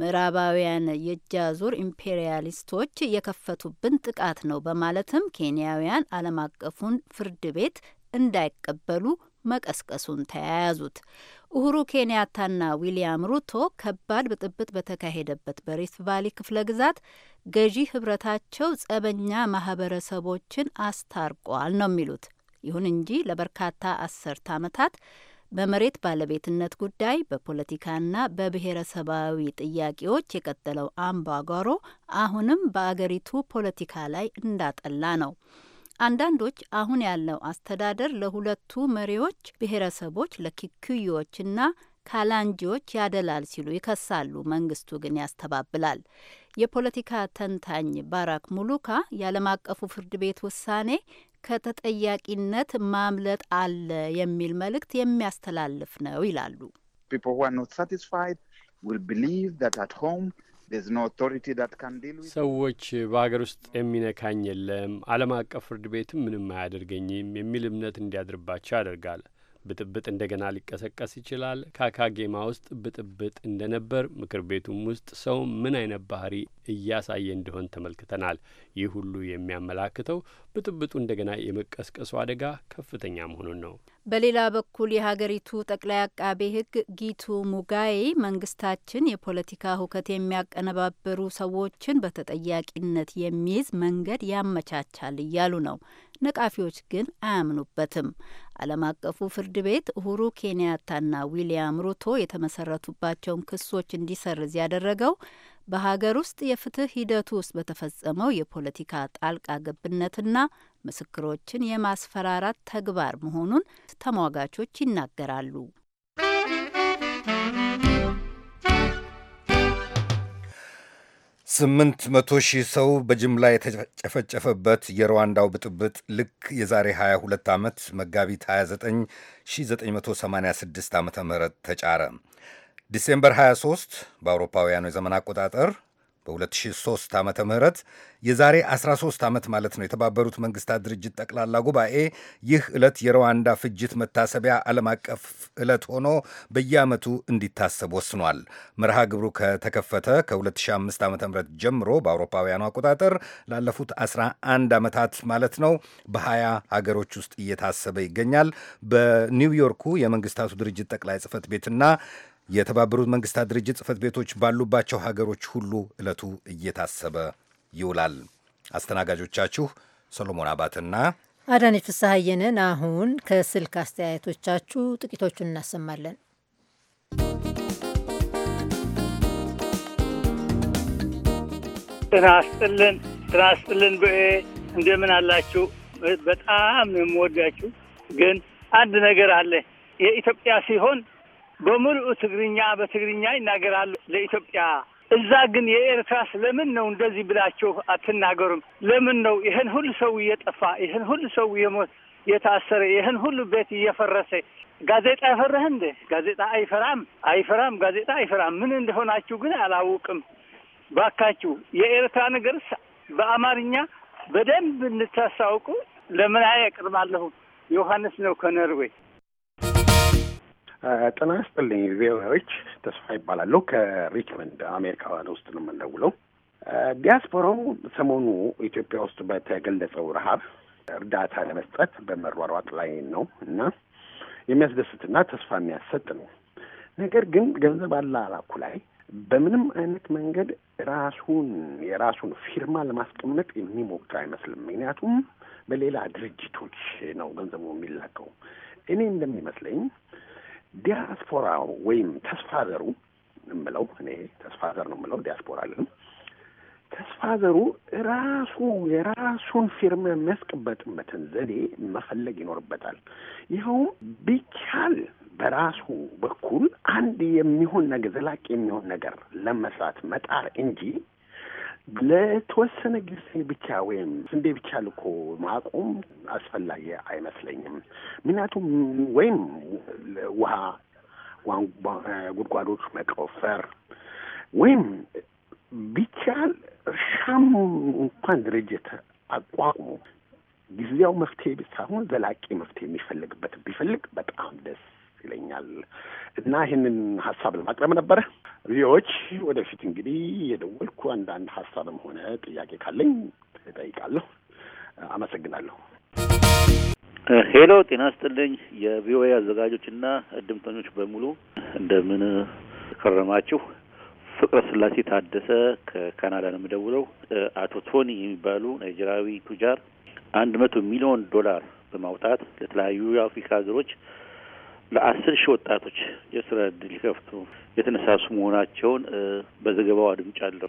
[SPEAKER 12] ምዕራባውያን የእጃዙር ኢምፔሪያሊስቶች የከፈቱብን ጥቃት ነው በማለትም ኬንያውያን ዓለም አቀፉን ፍርድ ቤት እንዳይቀበሉ መቀስቀሱን ተያያዙት። ኡሁሩ ኬንያታና ዊልያም ሩቶ ከባድ ብጥብጥ በተካሄደበት በሪፍት ቫሊ ክፍለ ግዛት ገዢ ህብረታቸው ጸበኛ ማህበረሰቦችን አስታርቋል ነው የሚሉት። ይሁን እንጂ ለበርካታ አስርት ዓመታት በመሬት ባለቤትነት ጉዳይ በፖለቲካና በብሔረሰባዊ ጥያቄዎች የቀጠለው አምባጓሮ አሁንም በአገሪቱ ፖለቲካ ላይ እንዳጠላ ነው። አንዳንዶች አሁን ያለው አስተዳደር ለሁለቱ መሪዎች ብሔረሰቦች ለኪኩዮችና ካላንጂዎች ያደላል ሲሉ ይከሳሉ። መንግስቱ ግን ያስተባብላል። የፖለቲካ ተንታኝ ባራክ ሙሉካ የዓለም አቀፉ ፍርድ ቤት ውሳኔ ከተጠያቂነት ማምለጥ አለ የሚል መልእክት የሚያስተላልፍ ነው ይላሉ።
[SPEAKER 13] ሰዎች በሀገር ውስጥ የሚነካኝ የለም፣ ዓለም አቀፍ ፍርድ ቤትም ምንም አያደርገኝም የሚል እምነት እንዲያድርባቸው ያደርጋል። ብጥብጥ እንደገና ሊቀሰቀስ ይችላል። ካካጌማ ውስጥ ብጥብጥ እንደነበር ምክር ቤቱም ውስጥ ሰው ምን አይነት ባህሪ እያሳየ እንደሆን ተመልክተናል። ይህ ሁሉ የሚያመላክተው ብጥብጡ እንደገና የመቀስቀሱ አደጋ ከፍተኛ መሆኑን ነው።
[SPEAKER 12] በሌላ በኩል የሀገሪቱ ጠቅላይ አቃቤ ሕግ ጊቱ ሙጋይ መንግስታችን የፖለቲካ ሁከት የሚያቀነባበሩ ሰዎችን በተጠያቂነት የሚይዝ መንገድ ያመቻቻል እያሉ ነው። ነቃፊዎች ግን አያምኑበትም። ዓለም አቀፉ ፍርድ ቤት ኡሁሩ ኬንያታና ዊልያም ሩቶ የተመሰረቱባቸውን ክሶች እንዲሰርዝ ያደረገው በሀገር ውስጥ የፍትህ ሂደቱ ውስጥ በተፈጸመው የፖለቲካ ጣልቃ ገብነትና ምስክሮችን የማስፈራራት ተግባር መሆኑን ተሟጋቾች ይናገራሉ።
[SPEAKER 2] ስምንት መቶ ሺህ ሰው በጅምላ የተጨፈጨፈበት የሩዋንዳው ብጥብጥ ልክ የዛሬ 22 ዓመት መጋቢት 29 1986 ዓ ም ተጫረ። ዲሴምበር 23 በአውሮፓውያኑ የዘመን አቆጣጠር በ2003 ዓ ም የዛሬ 13 ዓመት ማለት ነው የተባበሩት መንግስታት ድርጅት ጠቅላላ ጉባኤ ይህ ዕለት የሩዋንዳ ፍጅት መታሰቢያ ዓለም አቀፍ ዕለት ሆኖ በየዓመቱ እንዲታሰብ ወስኗል። መርሃ ግብሩ ከተከፈተ ከ2005 ዓ ም ጀምሮ በአውሮፓውያኑ አቆጣጠር ላለፉት 11 ዓመታት ማለት ነው በ20 ሀገሮች ውስጥ እየታሰበ ይገኛል። በኒውዮርኩ የመንግስታቱ ድርጅት ጠቅላይ ጽህፈት ቤትና የተባበሩት መንግስታት ድርጅት ጽህፈት ቤቶች ባሉባቸው ሀገሮች ሁሉ ዕለቱ እየታሰበ ይውላል። አስተናጋጆቻችሁ ሰሎሞን አባትና
[SPEAKER 1] አዳነች ፍስሐየንን። አሁን ከስልክ አስተያየቶቻችሁ ጥቂቶቹን እናሰማለን።
[SPEAKER 11] ጤና ይስጥልን፣ ጤና ይስጥልን። እንደምን አላችሁ? በጣም ነው የምወዳችሁ። ግን አንድ ነገር አለ የኢትዮጵያ ሲሆን በሙሉ ትግርኛ በትግርኛ ይናገራሉ ለኢትዮጵያ እዛ ግን የኤርትራስ ለምን ነው እንደዚህ ብላችሁ አትናገሩም? ለምን ነው ይህን ሁሉ ሰው እየጠፋ ይህን ሁሉ ሰው የሞት የታሰረ ይህን ሁሉ ቤት እየፈረሰ ጋዜጣ ያፈረህ እንዴ? ጋዜጣ አይፈራም፣ አይፈራም፣ ጋዜጣ አይፈራም። ምን እንደሆናችሁ ግን አላውቅም። ባካችሁ የኤርትራ ነገርስ በአማርኛ በደንብ እንታሳውቁ። ለምን አይ ያቅርባለሁ። ዮሐንስ ነው ከኖርዌይ
[SPEAKER 14] ጤና ይስጥልኝ ቪኦኤዎች፣ ተስፋ ይባላለሁ። ከሪችመንድ አሜሪካውያን ውስጥ ነው የምንደውለው። ዲያስፖራው ሰሞኑ ኢትዮጵያ ውስጥ በተገለጸው ረሀብ እርዳታ ለመስጠት በመሯሯጥ ላይ ነው እና የሚያስደስትና ተስፋ የሚያሰጥ ነው። ነገር ግን ገንዘብ አላላኩ ላይ በምንም አይነት መንገድ ራሱን የራሱን ፊርማ ለማስቀመጥ የሚሞክር አይመስልም። ምክንያቱም በሌላ ድርጅቶች ነው ገንዘቡ የሚላከው። እኔ እንደሚመስለኝ ዲያስፖራው ወይም ተስፋ ዘሩ የምለው እኔ ተስፋ ዘር ነው የምለው ዲያስፖራ ተስፋ ዘሩ ራሱ የራሱን ፊርማ የሚያስቀበጥበትን ዘዴ መፈለግ ይኖርበታል። ይኸውም ቢቻል በራሱ በኩል አንድ የሚሆን ነገር ዘላቂ የሚሆን ነገር ለመስራት መጣር እንጂ ለተወሰነ ጊዜ ብቻ ወይም ስንዴ ብቻ ልኮ ማቆም አስፈላጊ አይመስለኝም። ምክንያቱም ወይም ውሃ ጉድጓዶች መቆፈር ወይም ቢቻል እርሻም እንኳን ድርጅት አቋቁሞ ጊዜያው መፍትሄ ሳይሆን ዘላቂ መፍትሄ የሚፈልግበት ቢፈልግ በጣም ደስ ይለኛል እና ይህንን ሀሳብ ለማቅረብ ነበረ። ቪዎች ወደፊት
[SPEAKER 11] እንግዲህ የደወልኩ አንዳንድ ሀሳብም ሆነ ጥያቄ ካለኝ እጠይቃለሁ። አመሰግናለሁ። ሄሎ፣ ጤና ስጥልኝ። የቪኦኤ አዘጋጆችና እድምተኞች በሙሉ እንደምን ከረማችሁ? ፍቅረ ስላሴ ታደሰ ከካናዳ ነው የምደውለው። አቶ ቶኒ የሚባሉ ናይጄሪያዊ ቱጃር አንድ መቶ ሚሊዮን ዶላር በማውጣት ለተለያዩ የአፍሪካ ሀገሮች ለአስር ሺህ ወጣቶች የስራ እድል ሊከፍቱ የተነሳሱ መሆናቸውን በዘገባው አድምጫለሁ።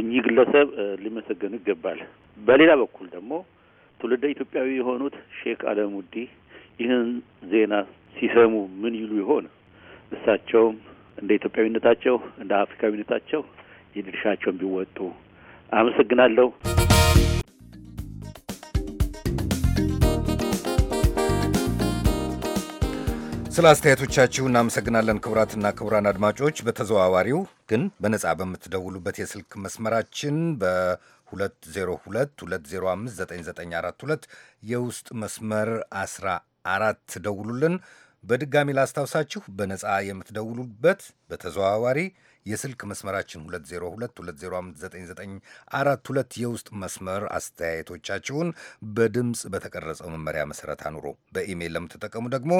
[SPEAKER 11] እኚህ ግለሰብ ሊመሰገኑ ይገባል። በሌላ በኩል ደግሞ ትውልደ ኢትዮጵያዊ የሆኑት ሼክ አለሙዲ ይህን ዜና ሲሰሙ ምን ይሉ ይሆን? እሳቸውም እንደ ኢትዮጵያዊነታቸው እንደ አፍሪካዊነታቸው የድርሻቸውን ቢወጡ አመሰግናለሁ።
[SPEAKER 2] ስለ አስተያየቶቻችሁ እናመሰግናለን። ክቡራትና ክቡራን አድማጮች በተዘዋዋሪው ግን በነጻ በምትደውሉበት የስልክ መስመራችን በ2022059942 የውስጥ መስመር 14 ደውሉልን። በድጋሚ ላስታውሳችሁ በነጻ የምትደውሉበት በተዘዋዋሪ የስልክ መስመራችን 2022059942 የውስጥ መስመር አስተያየቶቻችሁን በድምፅ በተቀረጸው መመሪያ መሰረት አኑሮ። በኢሜይል ለምትጠቀሙ ደግሞ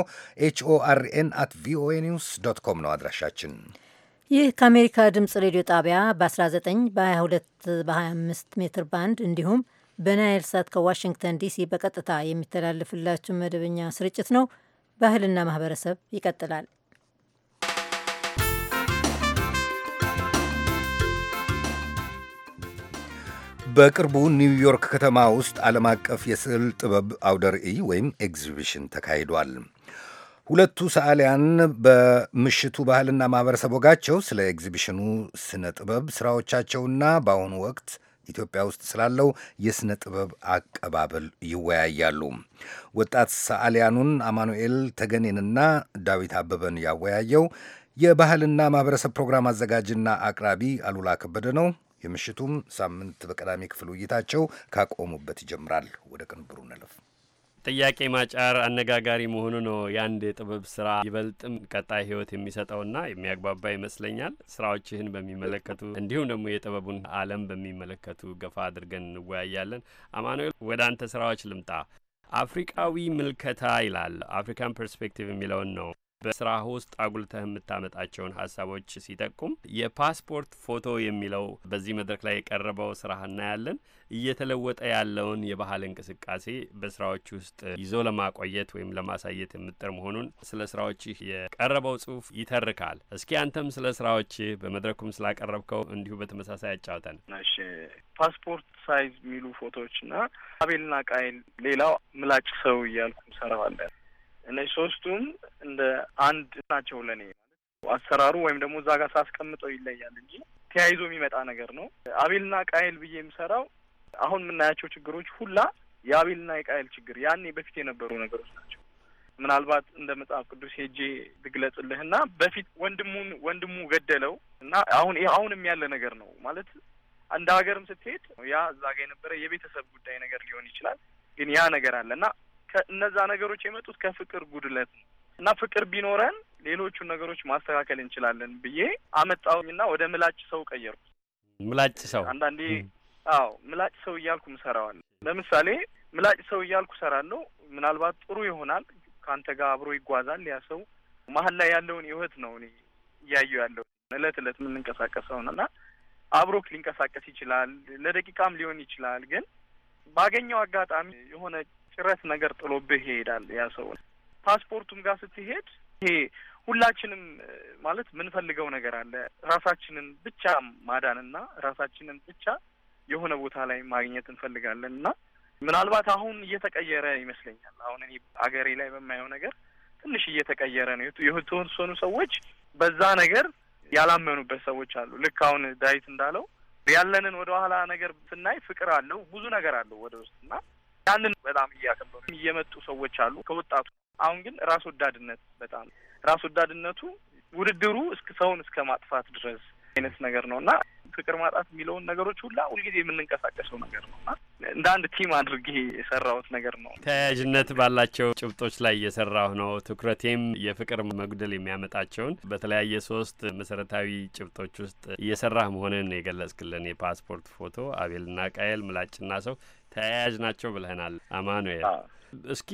[SPEAKER 2] ኤችኦአርኤን አት ቪኦኤ ኒውስ ዶት ኮም ነው አድራሻችን።
[SPEAKER 1] ይህ ከአሜሪካ ድምፅ ሬዲዮ ጣቢያ በ19 በ22 በ25 ሜትር ባንድ እንዲሁም በናይል ሳት ከዋሽንግተን ዲሲ በቀጥታ የሚተላለፍላችሁ መደበኛ ስርጭት ነው። ባህልና ማህበረሰብ ይቀጥላል።
[SPEAKER 2] በቅርቡ ኒውዮርክ ከተማ ውስጥ ዓለም አቀፍ የስዕል ጥበብ አውደ ርዕይ ወይም ኤግዚቢሽን ተካሂዷል። ሁለቱ ሰዓሊያን በምሽቱ ባህልና ማኅበረሰብ ወጋቸው ስለ ኤግዚቢሽኑ ስነ ጥበብ ሥራዎቻቸውና በአሁኑ ወቅት ኢትዮጵያ ውስጥ ስላለው የሥነ ጥበብ አቀባበል ይወያያሉ። ወጣት ሰዓሊያኑን አማኑኤል ተገኔንና ዳዊት አበበን ያወያየው የባህልና ማኅበረሰብ ፕሮግራም አዘጋጅና አቅራቢ አሉላ ከበደ ነው። የምሽቱም ሳምንት በቀዳሚ ክፍል ውይይታቸው ካቆሙበት ይጀምራል። ወደ ቅንብሩ እንለፍ።
[SPEAKER 13] ጥያቄ ማጫር አነጋጋሪ መሆኑ ነው የአንድ የጥበብ ስራ ይበልጥም ቀጣይ ህይወት የሚሰጠውና የሚያግባባ ይመስለኛል። ስራዎችህን በሚመለከቱ እንዲሁም ደግሞ የጥበቡን ዓለም በሚመለከቱ ገፋ አድርገን እንወያያለን። አማኑኤል፣ ወደ አንተ ስራዎች ልምጣ። አፍሪቃዊ ምልከታ ይላል አፍሪካን ፐርስፔክቲቭ የሚለውን ነው በስራ ውስጥ አጉልተህ የምታመጣቸውን ሀሳቦች ሲጠቁም የፓስፖርት ፎቶ የሚለው በዚህ መድረክ ላይ የቀረበው ስራ እናያለን። እየተለወጠ ያለውን የባህል እንቅስቃሴ በስራዎች ውስጥ ይዞ ለማቆየት ወይም ለማሳየት የምጥር መሆኑን ስለ ስራዎች የቀረበው ጽሁፍ ይተርካል። እስኪ አንተም ስለ ስራዎች በመድረኩም ስላቀረብከው እንዲሁ በተመሳሳይ አጫውተን።
[SPEAKER 5] እሺ ፓስፖርት ሳይዝ የሚሉ ፎቶዎችና አቤልና ቃይል ሌላው ምላጭ ሰው እያልኩም ሰራዋለን እነዚህ ሶስቱም እንደ አንድ ናቸው ለእኔ አሰራሩ ወይም ደግሞ እዛ ጋር ሳስቀምጠው ይለያል እንጂ ተያይዞ የሚመጣ ነገር ነው። አቤልና ቃየል ብዬ የምሰራው አሁን የምናያቸው ችግሮች ሁላ የአቤልና የቃየል ችግር ያኔ በፊት የነበሩ ነገሮች ናቸው። ምናልባት እንደ መጽሐፍ ቅዱስ ሄጄ ልግለጽልህና በፊት ወንድሙን ወንድሙ ገደለው እና አሁን አሁንም ያለ ነገር ነው ማለት እንደ ሀገርም ስትሄድ ያ እዛ ጋ የነበረ የቤተሰብ ጉዳይ ነገር ሊሆን ይችላል። ግን ያ ነገር አለ እና እነዛ ነገሮች የመጡት ከፍቅር ጉድለት ነው እና ፍቅር ቢኖረን ሌሎቹን ነገሮች ማስተካከል እንችላለን ብዬ አመጣውኝና ወደ ምላጭ ሰው ቀየርኩ። ምላጭ ሰው አንዳንዴ አዎ ምላጭ ሰው እያልኩ ምሰራዋል። ለምሳሌ ምላጭ ሰው እያልኩ ሰራለሁ። ምናልባት ጥሩ ይሆናል፣ ከአንተ ጋር አብሮ ይጓዛል ያ ሰው። መሀል ላይ ያለውን ህይወት ነው እኔ እያየሁ ያለው እለት እለት የምንንቀሳቀሰው እና አብሮክ ሊንቀሳቀስ ይችላል፣ ለደቂቃም ሊሆን ይችላል። ግን ባገኘው አጋጣሚ የሆነ ጭረት ነገር ጥሎብህ ይሄዳል። ያ ሰው ፓስፖርቱም ጋር ስትሄድ ይሄ ሁላችንም ማለት የምንፈልገው ነገር አለ። ራሳችንን ብቻ ማዳንና ራሳችንን ብቻ የሆነ ቦታ ላይ ማግኘት እንፈልጋለን እና ምናልባት አሁን እየተቀየረ ይመስለኛል። አሁን እኔ አገሬ ላይ በማየው ነገር ትንሽ እየተቀየረ ነው። የተወሰኑ ሰዎች በዛ ነገር ያላመኑበት ሰዎች አሉ። ልክ አሁን ዳዊት እንዳለው ያለንን ወደ ኋላ ነገር ስናይ ፍቅር አለው ብዙ ነገር አለው ወደ ውስጥ እና ያንን በጣም እያከበሩ እየመጡ ሰዎች አሉ ከወጣቱ። አሁን ግን ራስ ወዳድነት በጣም ራስ ወዳድነቱ ውድድሩ እስከ ሰውን እስከ ማጥፋት ድረስ አይነት ነገር ነው እና ፍቅር ማጣት የሚለውን ነገሮች ሁላ ሁልጊዜ የምንንቀሳቀሰው ነገር ነው እና እንደ አንድ ቲም አድርጌ የሰራሁት ነገር ነው።
[SPEAKER 13] ተያያዥነት ባላቸው ጭብጦች ላይ እየሰራሁ ነው። ትኩረቴም የፍቅር መጉደል የሚያመጣቸውን በተለያየ ሶስት መሰረታዊ ጭብጦች ውስጥ እየሰራህ መሆንን የገለጽክልን የፓስፖርት ፎቶ፣ አቤልና ቃየል፣ ምላጭና ሰው ተያያዥ ናቸው ብለህናል አማኑኤል። እስኪ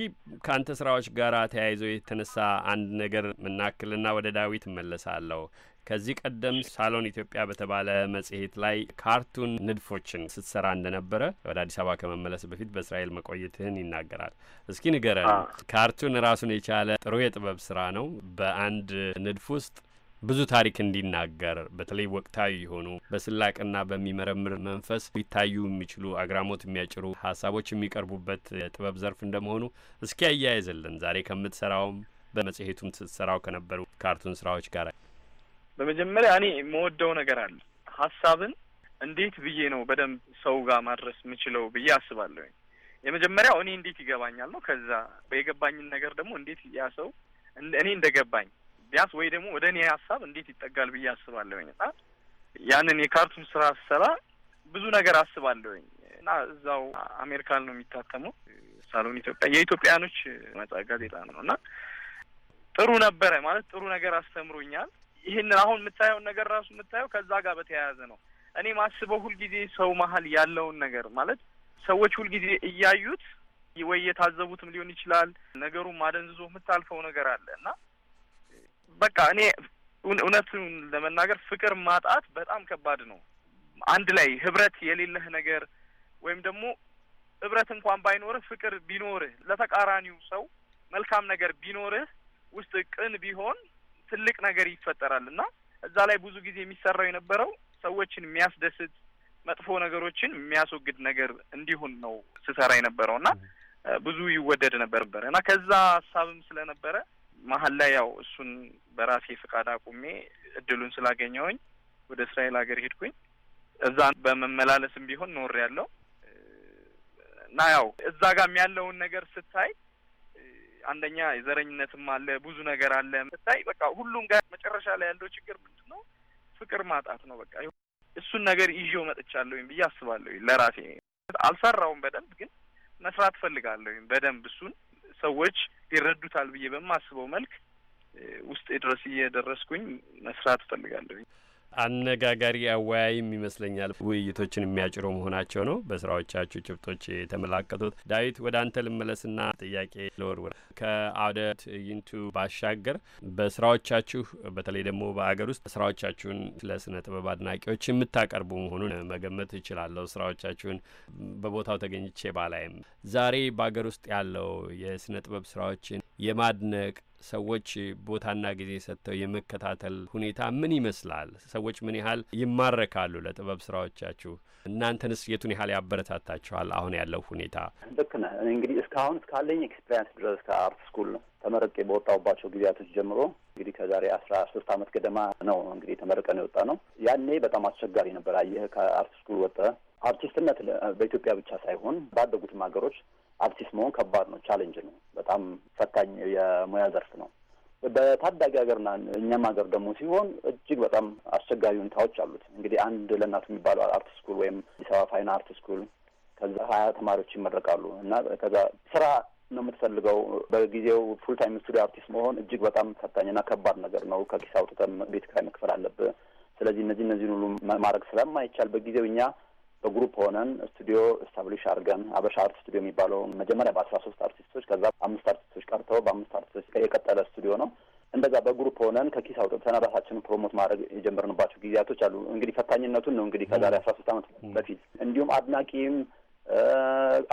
[SPEAKER 13] ከአንተ ስራዎች ጋር ተያይዘው የተነሳ አንድ ነገር ምናክልና ወደ ዳዊት እመለሳለሁ። ከዚህ ቀደም ሳሎን ኢትዮጵያ በተባለ መጽሔት ላይ ካርቱን ንድፎችን ስትሰራ እንደነበረ ወደ አዲስ አበባ ከመመለስ በፊት በእስራኤል መቆየትህን ይናገራል። እስኪ ንገረን። ካርቱን ራሱን የቻለ ጥሩ የጥበብ ስራ ነው። በአንድ ንድፍ ውስጥ ብዙ ታሪክ እንዲናገር በተለይ ወቅታዊ የሆኑ በስላቅና በሚመረምር መንፈስ ሊታዩ የሚችሉ አግራሞት የሚያጭሩ ሀሳቦች የሚቀርቡበት የጥበብ ዘርፍ እንደመሆኑ እስኪ አያይዝልን ዛሬ ከምትሰራውም በመጽሔቱም ስትሰራው ከነበሩ ካርቱን ስራዎች ጋር።
[SPEAKER 5] በመጀመሪያ እኔ የምወደው ነገር አለ ሀሳብን እንዴት ብዬ ነው በደንብ ሰው ጋር ማድረስ የምችለው ብዬ አስባለሁ። የመጀመሪያው እኔ እንዴት ይገባኛል ነው። ከዛ የገባኝን ነገር ደግሞ እንዴት ያ ሰው እኔ እንደገባኝ ቢያንስ ወይ ደግሞ ወደ እኔ ሀሳብ እንዴት ይጠጋል ብዬ አስባለሁኝ እና ያንን የካርቱን ስራ ስሰራ ብዙ ነገር አስባለሁኝ እና እዛው አሜሪካን ነው የሚታተመው ሳሎን ኢትዮጵያ የኢትዮጵያኖች መጽ- ጋዜጣ ነው እና ጥሩ ነበረ ማለት ጥሩ ነገር አስተምሮኛል። ይህንን አሁን የምታየውን ነገር ራሱ የምታየው ከዛ ጋር በተያያዘ ነው። እኔ ማስበው ሁልጊዜ ሰው መሀል ያለውን ነገር ማለት ሰዎች ሁልጊዜ እያዩት ወይ የታዘቡትም ሊሆን ይችላል ነገሩን ማደንዝዞ የምታልፈው ነገር አለ እና በቃ እኔ እውነቱን ለመናገር ፍቅር ማጣት በጣም ከባድ ነው። አንድ ላይ ህብረት የሌለህ ነገር ወይም ደግሞ ህብረት እንኳን ባይኖርህ ፍቅር ቢኖርህ ለተቃራኒው ሰው መልካም ነገር ቢኖርህ ውስጥ ቅን ቢሆን ትልቅ ነገር ይፈጠራል እና እዛ ላይ ብዙ ጊዜ የሚሰራው የነበረው ሰዎችን የሚያስደስት መጥፎ ነገሮችን የሚያስወግድ ነገር እንዲሆን ነው ስሰራ የነበረው እና ብዙ ይወደድ ነበር እና ከዛ ሀሳብም ስለነበረ መሀል ላይ ያው እሱን በራሴ ፍቃድ አቁሜ እድሉን ስላገኘውኝ ወደ እስራኤል ሀገር ሄድኩኝ። እዛ በመመላለስም ቢሆን ኖር ያለው እና ያው እዛ ጋም ያለውን ነገር ስታይ አንደኛ የዘረኝነትም አለ ብዙ ነገር አለ ስታይ፣ በቃ ሁሉም ጋር መጨረሻ ላይ ያለው ችግር ምንድን ነው? ፍቅር ማጣት ነው። በቃ እሱን ነገር ይዤው መጥቻለሁኝ ብዬ አስባለሁኝ። ለራሴ አልሰራውም በደንብ ግን መስራት ፈልጋለሁኝ በደንብ እሱን ሰዎች ይረዱታል ብዬ በማስበው መልክ ውስጤ ድረስ እየደረስኩኝ መስራት እፈልጋለሁ።
[SPEAKER 13] አነጋጋሪ አወያይም ይመስለኛል። ውይይቶችን የሚያጭሩ መሆናቸው ነው በስራዎቻችሁ ጭብጦች የተመላከቱት። ዳዊት ወደ አንተ ልመለስና ጥያቄ ልወርውር። ከአውደ ትዕይንቱ ባሻገር በስራዎቻችሁ በተለይ ደግሞ በአገር ውስጥ ስራዎቻችሁን ለስነ ጥበብ አድናቂዎች የምታቀርቡ መሆኑን መገመት እችላለሁ። ስራዎቻችሁን በቦታው ተገኝቼ ባላይም ዛሬ በአገር ውስጥ ያለው የስነ ጥበብ ስራዎችን የማድነቅ ሰዎች ቦታና ጊዜ ሰጥተው የመከታተል ሁኔታ ምን ይመስላል? ሰዎች ምን ያህል ይማረካሉ ለጥበብ ስራዎቻችሁ? እናንተንስ የቱን ያህል ያበረታታችኋል? አሁን ያለው ሁኔታ
[SPEAKER 6] ልክ ነህ። እንግዲህ እስካሁን እስካለኝ ኤክስፔሪንስ ድረስ ከአርት ስኩል ነው ተመረቄ በወጣሁባቸው ጊዜያቶች ጀምሮ እንግዲህ ከዛሬ አስራ ሶስት አመት ገደማ ነው እንግዲህ ተመርቀን የወጣ ነው። ያኔ በጣም አስቸጋሪ ነበር። አየህ ከአርት ስኩል ወጠ አርቲስትነት በኢትዮጵያ ብቻ ሳይሆን ባደጉትም ሀገሮች አርቲስት መሆን ከባድ ነው፣ ቻሌንጅ ነው፣ በጣም ፈታኝ የሙያ ዘርፍ ነው። በታዳጊ ሀገርና እኛም ሀገር ደግሞ ሲሆን እጅግ በጣም አስቸጋሪ ሁኔታዎች አሉት። እንግዲህ አንድ ለእናቱ የሚባለው አርት ስኩል ወይም አዲስ አበባ ፋይን አርት ስኩል ከዛ ሀያ ተማሪዎች ይመረቃሉ እና ከዛ ስራ ነው የምትፈልገው። በጊዜው ፉል ታይም ስቱዲዮ አርቲስት መሆን እጅግ በጣም ፈታኝና ከባድ ነገር ነው። ከኪስ አውጥተን ቤት ኪራይ መክፈል አለብህ። ስለዚህ እነዚህ እነዚህን ሁሉ ማድረግ ስለማይቻል በጊዜው እኛ በግሩፕ ሆነን ስቱዲዮ ስታብሊሽ አድርገን አበሻ አርት ስቱዲዮ የሚባለው መጀመሪያ በአስራ ሶስት አርቲስቶች ከዛ አምስት አርቲስቶች ቀርተው በአምስት አርቲስቶች የቀጠለ ስቱዲዮ ነው። እንደዛ በግሩፕ ሆነን ከኪስ አውጥተን ራሳችን ፕሮሞት ማድረግ የጀመርንባቸው ጊዜያቶች አሉ። እንግዲህ ፈታኝነቱን ነው እንግዲህ ከዛሬ አስራ ሶስት አመት በፊት እንዲሁም አድናቂም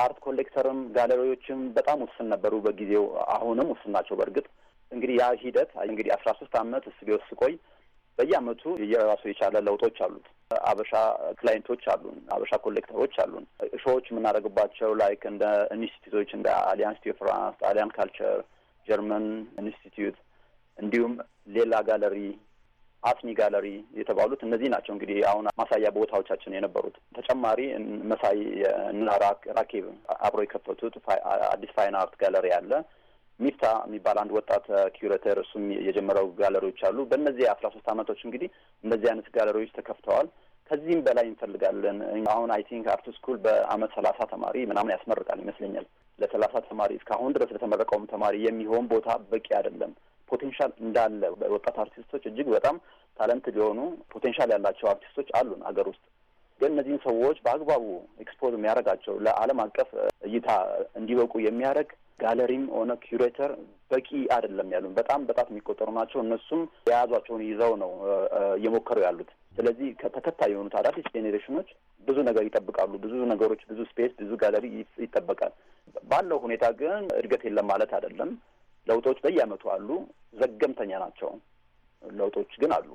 [SPEAKER 6] አርት ኮሌክተርም ጋለሪዎችም በጣም ውስን ነበሩ በጊዜው፣ አሁንም ውስን ናቸው። በእርግጥ እንግዲህ ያ ሂደት እንግዲህ አስራ ሶስት ዓመት ስቱዲዮ ስቆይ በየአመቱ የራሱ የቻለ ለውጦች አሉት። አበሻ ክላይንቶች አሉን፣ አበሻ ኮሌክተሮች አሉን። ሾዎች የምናደርግባቸው ላይክ እንደ ኢንስቲትዩቶች እንደ አሊያንስ ዲ ፍራንስ፣ ጣሊያን ካልቸር፣ ጀርመን ኢንስቲትዩት እንዲሁም ሌላ ጋለሪ አፍኒ ጋለሪ የተባሉት እነዚህ ናቸው። እንግዲህ አሁን ማሳያ ቦታዎቻችን የነበሩት ተጨማሪ መሳይ እና ራኬብ አብሮ የከፈቱት አዲስ ፋይን አርት ጋለሪ አለ። ሚፍታ የሚባል አንድ ወጣት ኪዩሬተር እሱም የጀመረው ጋለሪዎች አሉ። በእነዚህ አስራ ሶስት አመቶች እንግዲህ እንደዚህ አይነት ጋለሪዎች ተከፍተዋል። ከዚህም በላይ እንፈልጋለን። አሁን አይ ቲንክ አርት ስኩል በአመት ሰላሳ ተማሪ ምናምን ያስመርቃል ይመስለኛል። ለሰላሳ ተማሪ እስካሁን ድረስ ለተመረቀውም ተማሪ የሚሆን ቦታ በቂ አይደለም። ፖቴንሻል እንዳለ ወጣት አርቲስቶች እጅግ በጣም ታለንት ሊሆኑ ፖቴንሻል ያላቸው አርቲስቶች አሉን ሀገር ውስጥ ግን እነዚህን ሰዎች በአግባቡ ኤክስፖዝ የሚያደርጋቸው ለዓለም አቀፍ እይታ እንዲበቁ የሚያደርግ ጋለሪም ሆነ ኪሬተር በቂ አይደለም ያሉን በጣም በጣት የሚቆጠሩ ናቸው። እነሱም የያዟቸውን ይዘው ነው እየሞከሩ ያሉት። ስለዚህ ከተከታይ የሆኑት አዳዲስ ጄኔሬሽኖች ብዙ ነገር ይጠብቃሉ። ብዙ ነገሮች፣ ብዙ ስፔስ፣ ብዙ ጋለሪ ይጠበቃል። ባለው ሁኔታ ግን እድገት የለም ማለት አይደለም። ለውጦች በየአመቱ አሉ። ዘገምተኛ ናቸው። ለውጦች ግን አሉ።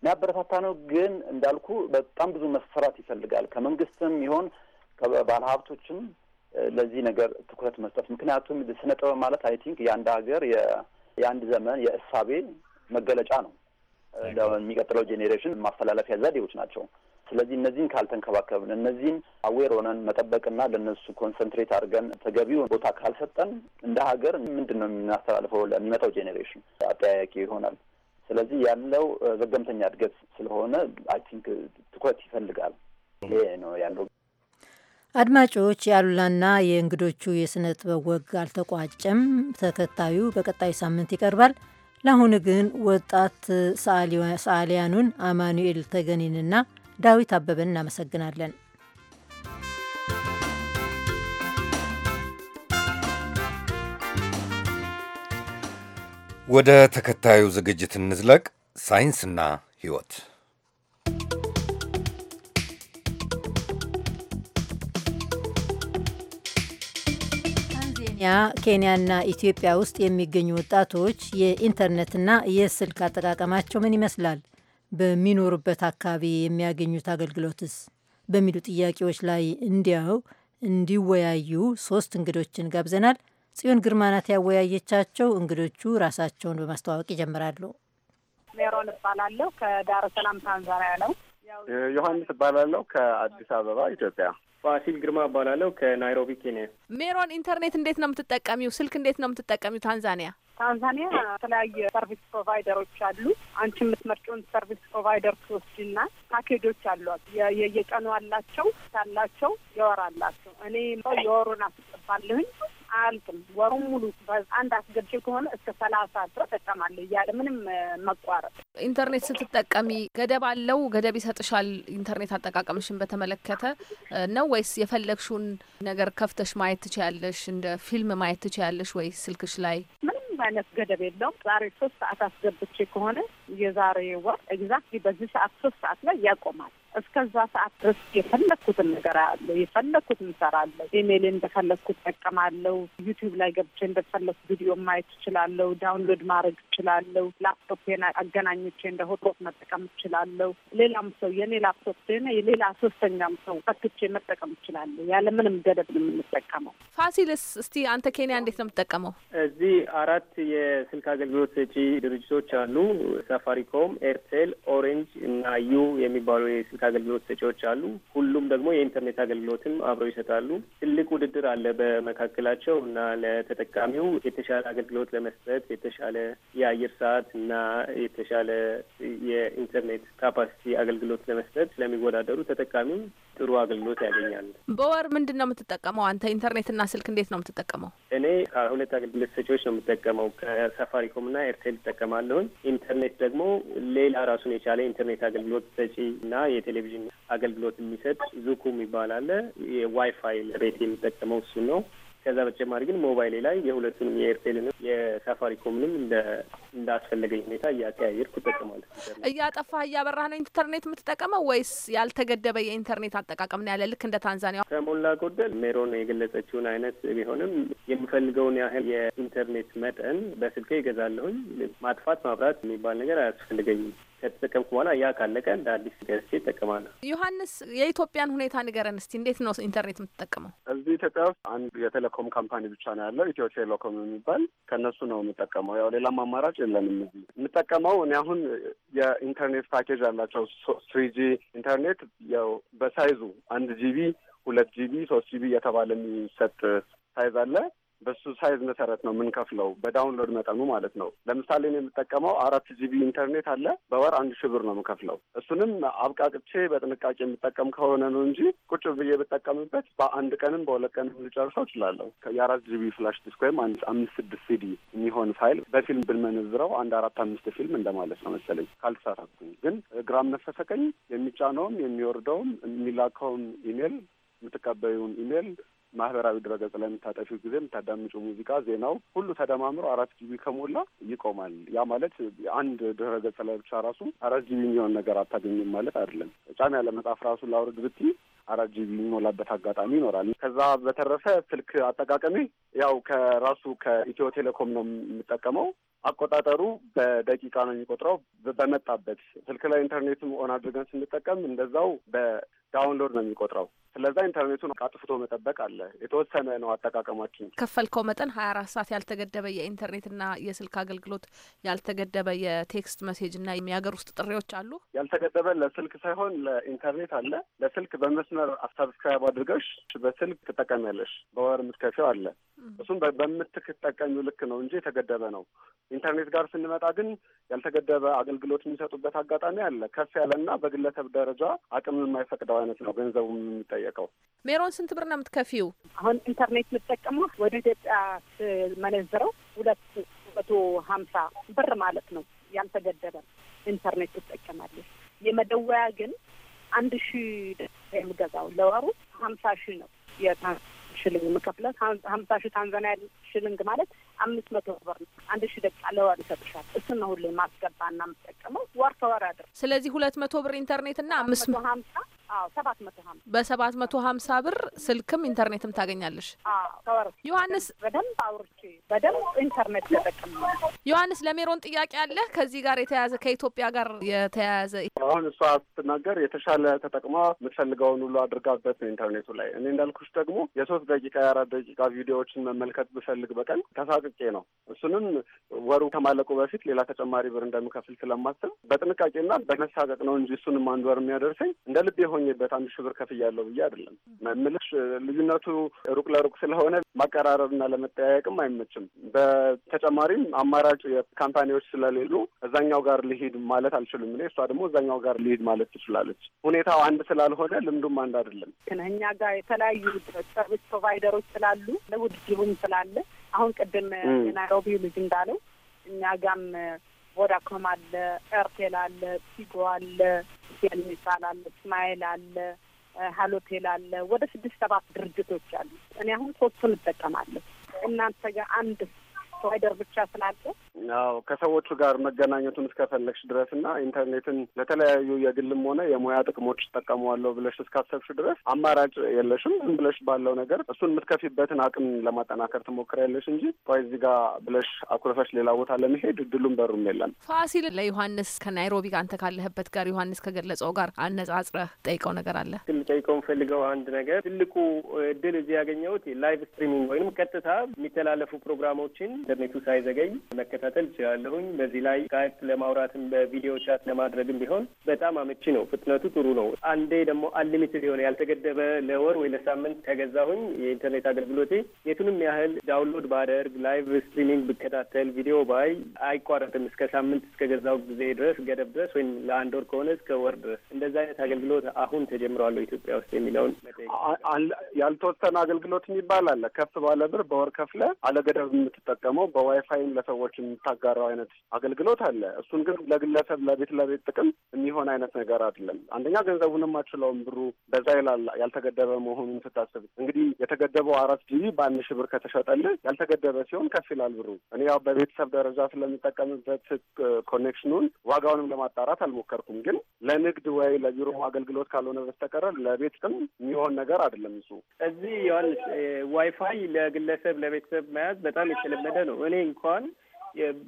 [SPEAKER 6] የሚያበረታታ ነው። ግን እንዳልኩ በጣም ብዙ መሰራት ይፈልጋል። ከመንግስትም ይሆን ከባለሀብቶችም ለዚህ ነገር ትኩረት መስጠት። ምክንያቱም ስነ ጥበብ ማለት አይ ቲንክ የአንድ ሀገር የአንድ ዘመን የእሳቤ መገለጫ ነው። ለሚቀጥለው ጄኔሬሽን ማስተላለፊያ ዘዴዎች ናቸው። ስለዚህ እነዚህን ካልተንከባከብን፣ እነዚህን አዌር ሆነን መጠበቅና ለእነሱ ኮንሰንትሬት አድርገን ተገቢውን ቦታ ካልሰጠን እንደ ሀገር ምንድን ነው የምናስተላልፈው ለሚመጣው ጄኔሬሽን አጠያያቂ ይሆናል። ስለዚህ ያለው ዘገምተኛ እድገት ስለሆነ አይ ቲንክ ትኩረት ይፈልጋል። ይሄ ነው ያለው
[SPEAKER 1] አድማጮች የአሉላና የእንግዶቹ የሥነ ጥበብ ወግ አልተቋጨም። ተከታዩ በቀጣይ ሳምንት ይቀርባል። ለአሁኑ ግን ወጣት ሰዓሊያኑን አማኑኤል ተገኒንና ዳዊት አበበን እናመሰግናለን።
[SPEAKER 2] ወደ ተከታዩ ዝግጅት እንዝለቅ። ሳይንስና ሕይወት
[SPEAKER 1] ኬንያና ኢትዮጵያ ውስጥ የሚገኙ ወጣቶች የኢንተርኔትና የስልክ አጠቃቀማቸው ምን ይመስላል፣ በሚኖሩበት አካባቢ የሚያገኙት አገልግሎትስ በሚሉ ጥያቄዎች ላይ እንዲያው እንዲወያዩ ሶስት እንግዶችን ጋብዘናል። ጽዮን ግርማናት ያወያየቻቸው እንግዶቹ ራሳቸውን በማስተዋወቅ ይጀምራሉ።
[SPEAKER 15] ሜሮን እባላለሁ ከዳረሰላም ታንዛኒያ ነው። ዮሐንስ
[SPEAKER 16] እባላለሁ ከአዲስ አበባ ኢትዮጵያ። ፋሲል ግርማ እባላለሁ ከናይሮቢ ኬንያ።
[SPEAKER 15] ሜሮን
[SPEAKER 9] ኢንተርኔት እንዴት ነው የምትጠቀሚው? ስልክ እንዴት ነው የምትጠቀሚው? ታንዛኒያ
[SPEAKER 15] ታንዛኒያ የተለያየ ሰርቪስ ፕሮቫይደሮች አሉ። አንቺ የምትመርጭውን ሰርቪስ ፕሮቫይደር ትወስድና ፓኬጆች አሏት። የየቀኑ አላቸው ታላቸው የወር አላቸው። እኔ የወሩን አስገባለሁኝ አልቅም። ወሩም ሙሉ አንድ አስገብቼ ከሆነ እስከ ሰላሳ ድረስ እጠቀማለሁ እያለ ምንም መቋረጥ።
[SPEAKER 9] ኢንተርኔት ስትጠቀሚ ገደብ አለው? ገደብ ይሰጥሻል? ኢንተርኔት አጠቃቀምሽን በተመለከተ ነው ወይስ የፈለግሽውን ነገር ከፍተሽ ማየት ትችያለሽ? እንደ ፊልም ማየት ትችያለሽ ወይ ስልክሽ ላይ?
[SPEAKER 15] አይነት ገደብ የለውም። ዛሬ ሶስት ሰዓት አስገብቼ ከሆነ የዛሬ ወር ኤግዛክትሊ በዚህ ሰዓት ሶስት ሰዓት ላይ ያቆማል። እስከዛ ሰዓት ድረስ የፈለግኩትን ነገር አያለሁ፣ የፈለግኩትን እሰራለሁ፣ ኢሜይል እንደፈለግኩት እጠቀማለሁ፣ ዩቲዩብ ላይ ገብቼ እንደፈለግኩ ቪዲዮ ማየት እችላለሁ፣ ዳውንሎድ ማድረግ እችላለሁ፣ ላፕቶፕን አገናኞቼ እንደ ሆትስፖት መጠቀም እችላለሁ፣ ሌላም ሰው የኔ ላፕቶፕ ሆነ የሌላ ሶስተኛም ሰው ፈክቼ መጠቀም እችላለሁ። ያለ ምንም ገደብ ነው የምንጠቀመው።
[SPEAKER 9] ፋሲልስ፣ እስቲ አንተ ኬንያ እንዴት ነው የምትጠቀመው?
[SPEAKER 16] እዚህ አራት የስልክ አገልግሎት ሰጪ ድርጅቶች አሉ። ሳፋሪኮም፣ ኤርቴል፣ ኦሬንጅ እና ዩ የሚባሉ የስልክ አገልግሎት ሰጪዎች አሉ። ሁሉም ደግሞ የኢንተርኔት አገልግሎትም አብረው ይሰጣሉ። ትልቅ ውድድር አለ በመካከላቸው እና ለተጠቃሚው የተሻለ አገልግሎት ለመስጠት የተሻለ የአየር ሰዓት እና የተሻለ የኢንተርኔት ካፓሲቲ አገልግሎት ለመስጠት ስለሚወዳደሩ ተጠቃሚው ጥሩ አገልግሎት ያገኛል።
[SPEAKER 9] በወር ምንድን ነው የምትጠቀመው አንተ? ኢንተርኔትና ስልክ እንዴት ነው የምትጠቀመው?
[SPEAKER 16] እኔ ከሁለት አገልግሎት ሰጪዎች ነው የምጠቀመው ከሳፋሪኮምና ኤርቴል እጠቀማለሁኝ። ኢንተርኔት ደግሞ ሌላ ራሱን የቻለ ኢንተርኔት አገልግሎት ሰጪ እና የቴ የቴሌቪዥን አገልግሎት የሚሰጥ ዙኩም ይባላል። የዋይፋይ ቤት የሚጠቀመው እሱ ነው። ከዛ በተጨማሪ ግን ሞባይሌ ላይ የሁለቱንም የኤርቴልንም የሳፋሪኮምንም እንደ እንዳስፈለገኝ ሁኔታ እያቀያየርኩ እጠቀማለሁ።
[SPEAKER 9] እያጠፋህ እያበራህ ነው ኢንተርኔት የምትጠቀመው ወይስ ያልተገደበ የኢንተርኔት አጠቃቀም ነው ያለ? ልክ እንደ ታንዛኒያ
[SPEAKER 16] ከሞላ ጎደል ሜሮን የገለጸችውን አይነት ቢሆንም የምፈልገውን ያህል የኢንተርኔት መጠን በስልኬ ይገዛለሁኝ። ማጥፋት ማብራት የሚባል ነገር አያስፈልገኝም። ከተጠቀምኩ በኋላ ያ ካለቀ እንደ አዲስ ገዝቼ ይጠቀማለሁ።
[SPEAKER 9] ዮሐንስ፣ የኢትዮጵያን ሁኔታ ንገረን እስቲ። እንዴት ነው ኢንተርኔት የምትጠቀመው?
[SPEAKER 17] እዚህ ኢትዮጵያ ውስጥ አንድ የቴሌኮም ካምፓኒ ብቻ ነው ያለው፣ ኢትዮ ቴሌኮም የሚባል ከእነሱ ነው የምጠቀመው። ያው ሌላም አማራጭ የለንም። የምጠቀመው እኔ አሁን የኢንተርኔት ፓኬጅ አላቸው ስሪ ጂ ኢንተርኔት ያው በሳይዙ አንድ ጂቢ ሁለት ጂቢ ሶስት ጂቢ እየተባለ የሚሰጥ ሳይዝ አለ። በሱ ሳይዝ መሰረት ነው የምንከፍለው፣ በዳውንሎድ መጠኑ ማለት ነው። ለምሳሌ ነው የምጠቀመው አራት ጂቢ ኢንተርኔት አለ። በወር አንድ ሺህ ብር ነው የምከፍለው። እሱንም አብቃቅቼ በጥንቃቄ የምጠቀም ከሆነ ነው እንጂ ቁጭ ብዬ ብጠቀምበት በአንድ ቀንም በሁለት ቀንም ልጨርሰው እችላለሁ። የአራት ጂቢ ፍላሽ ዲስክ ወይም አምስት ስድስት ሲዲ የሚሆን ፋይል በፊልም ብንመነዝረው አንድ አራት አምስት ፊልም እንደማለት ነው መሰለኝ ካልተሳሳትኩኝ። ግን ግራም ነፈሰ ቀኝ የሚጫነውም የሚወርደውም የሚላከውም ኢሜል የምትቀበዩን ኢሜል ማህበራዊ ድረገጽ ላይ የምታጠፊው ጊዜ የምታዳምጩ ሙዚቃ፣ ዜናው ሁሉ ተደማምሮ አራት ጂቢ ከሞላ ይቆማል። ያ ማለት አንድ ድረገጽ ላይ ብቻ ራሱ አራት ጂቢ የሚሆን ነገር አታገኝም ማለት አይደለም። ጫን ያለ መጽሐፍ ራሱ ላውርድ ብቲ አራት ጂቢ የሚሞላበት አጋጣሚ ይኖራል። ከዛ በተረፈ ስልክ አጠቃቀሜ ያው ከራሱ ከኢትዮ ቴሌኮም ነው የምጠቀመው። አቆጣጠሩ በደቂቃ ነው የሚቆጥረው። በመጣበት ስልክ ላይ ኢንተርኔትም ኦን አድርገን ስንጠቀም እንደዛው ዳውንሎድ ነው የሚቆጥረው። ስለዛ ኢንተርኔቱን አጥፍቶ መጠበቅ አለ። የተወሰነ ነው አጠቃቀማችን።
[SPEAKER 9] ከፈልከው መጠን ሀያ አራት ሰዓት ያልተገደበ የኢንተርኔትና የስልክ አገልግሎት ያልተገደበ የቴክስት መሴጅና የሀገር ውስጥ ጥሪዎች አሉ።
[SPEAKER 17] ያልተገደበ ለስልክ ሳይሆን ለኢንተርኔት አለ። ለስልክ በመስመር ሰብስክራይብ አድርገሽ በስልክ ትጠቀሚያለሽ። በወር የምትከፊው አለ። እሱም በምትጠቀሚው ልክ ነው እንጂ የተገደበ ነው። ኢንተርኔት ጋር ስንመጣ ግን ያልተገደበ አገልግሎት የሚሰጡበት አጋጣሚ አለ። ከፍ ያለና በግለሰብ ደረጃ አቅም የማይፈቅደው አይነት ነው ገንዘቡ የሚጠየቀው።
[SPEAKER 15] ሜሮን ስንት ብር ነው የምትከፊው? አሁን ኢንተርኔት የምጠቀመው ወደ ኢትዮጵያ ስመነዝረው ሁለት መቶ ሀምሳ ብር ማለት ነው። ያልተገደበ ኢንተርኔት ትጠቀማለች። የመደወያ ግን አንድ ሺ የምገዛው ለወሩ ሀምሳ ሺ ነው የታ ሽልንግ የምከፍለው ሀምሳ ሺ ታንዛኒያ ሽልንግ ማለት አምስት መቶ ብር አንድ ሺ ደቂቃ ለወር ይሰጥሻል። እሱን ነው ሁሌ ማስገባ እና የምጠቀመው ወር ከወር አድር
[SPEAKER 9] ስለዚህ ሁለት መቶ ብር ኢንተርኔት ና አምስት መቶ ሀምሳ አዎ ሰባት መቶ ሀምሳ በሰባት መቶ ሀምሳ ብር ስልክም ኢንተርኔትም ታገኛለሽ። ከወር ዮሐንስ በደንብ አውርቼ በደንብ ኢንተርኔት ተጠቅም። ዮሐንስ ለሜሮን ጥያቄ አለ ከዚህ ጋር የተያያዘ ከኢትዮጵያ ጋር የተያያዘ
[SPEAKER 17] አሁን እሷ ስትናገር የተሻለ ተጠቅማ የምትፈልገውን ሁሉ አድርጋበት ነው ኢንተርኔቱ ላይ እኔ እንዳልኩሽ ደግሞ የሶስት ደቂቃ የአራት ደቂቃ ቪዲዮዎችን መመልከት ብፈልግ በቀን ከሰዓት ጠንቀቅቄ ነው። እሱንም ወሩ ከማለቁ በፊት ሌላ ተጨማሪ ብር እንደምከፍል ስለማስብ በጥንቃቄና በመሳቀቅ ነው እንጂ እሱንም አንድ ወር የሚያደርሰኝ እንደ ልብ የሆኘበት አንድ ሺ ብር ከፍያለሁ ብዬ አይደለም መምልሽ። ልዩነቱ ሩቅ ለሩቅ ስለሆነ ማቀራረብና ለመጠያየቅም አይመችም። በተጨማሪም አማራጭ ካምፓኒዎች ስለሌሉ እዛኛው ጋር ልሂድ ማለት አልችልም እኔ። እሷ ደግሞ እዛኛው ጋር ልሂድ ማለት ትችላለች። ሁኔታው አንድ ስላልሆነ ልምዱም አንድ አይደለም።
[SPEAKER 15] እኛ ጋር የተለያዩ ሰርቪስ ፕሮቫይደሮች ስላሉ ለውድድቡም ስላለ አሁን ቅድም የናይሮቢ ልጅ እንዳለው እኛ ጋም ቮዳኮም አለ፣ ኤርቴል አለ፣ ቲጎ አለ፣ ቴልሚሳል አለ፣ ስማይል አለ፣ ሀሎቴል አለ። ወደ ስድስት ሰባት ድርጅቶች አሉ። እኔ አሁን ሶስቱን እጠቀማለሁ። እናንተ ጋር አንድ ፕሮቫይደር ብቻ ስላለ
[SPEAKER 17] አዎ ከሰዎቹ ጋር መገናኘቱን እስከፈለግሽ ድረስ እና ኢንተርኔትን ለተለያዩ የግልም ሆነ የሙያ ጥቅሞች ትጠቀመዋለሁ ብለሽ እስካሰብሽ ድረስ አማራጭ የለሽም። ዝም ብለሽ ባለው ነገር እሱን የምትከፊበትን አቅም ለማጠናከር ትሞክሪያለሽ እንጂ ቆይ እዚህ ጋር ብለሽ አኩረፈሽ ሌላ ቦታ ለመሄድ እድሉም በሩም የለም።
[SPEAKER 9] ፋሲል ለዮሐንስ ከናይሮቢ ጋር አንተ ካለህበት ጋር ዮሐንስ ከገለጸው ጋር አነጻጽረህ ጠይቀው ነገር አለ
[SPEAKER 16] ልጠይቀው ፈልገው አንድ ነገር ትልቁ እድል እዚህ ያገኘሁት ላይቭ ስትሪሚንግ ወይም ቀጥታ የሚተላለፉ ፕሮግራሞችን ኢንተርኔቱ ሳይዘገይ መከታተል እችላለሁኝ። በዚህ ላይ ጋት ለማውራትም በቪዲዮ ቻት ለማድረግም ቢሆን በጣም አመቺ ነው። ፍጥነቱ ጥሩ ነው። አንዴ ደግሞ አንሊሚትድ የሆነ ያልተገደበ ለወር ወይ ለሳምንት ከገዛሁኝ የኢንተርኔት አገልግሎቴ የቱንም ያህል ዳውንሎድ ባደርግ፣ ላይቭ ስትሪሚንግ ብከታተል፣ ቪዲዮ ባይ አይቋረጥም እስከ ሳምንት እስከ ገዛው ጊዜ ድረስ ገደብ ድረስ ወይም ለአንድ ወር ከሆነ እስከ ወር ድረስ እንደዚህ አይነት አገልግሎት አሁን ተጀምሯል ኢትዮጵያ ውስጥ የሚለውን
[SPEAKER 17] ያልተወሰነ አገልግሎት የሚባል አለ። ከፍ ባለ ብር በወር ከፍለ አለገደብ የምትጠቀመው በዋይፋይም ለሰዎች የምታጋራው አይነት አገልግሎት አለ። እሱን ግን ለግለሰብ ለቤት ለቤት ጥቅም የሚሆን አይነት ነገር አይደለም። አንደኛ ገንዘቡንም አችለውም ብሩ በዛ ይላል። ያልተገደበ መሆኑን ስታስብ እንግዲህ የተገደበው አራት ጂቢ በአንድ ሺህ ብር ከተሸጠልህ ያልተገደበ ሲሆን ከፍ ይላል ብሩ። እኔ ያው በቤተሰብ ደረጃ ስለሚጠቀምበት ኮኔክሽኑን ዋጋውንም ለማጣራት አልሞከርኩም። ግን ለንግድ ወይ ለቢሮ አገልግሎት ካልሆነ በስተቀረ ለቤት ጥቅም የሚሆን ነገር አይደለም። እሱ
[SPEAKER 16] እዚህ ዋይፋይ ለግለሰብ ለቤተሰብ መያዝ በጣም የተለመደ ነው። እኔ እንኳን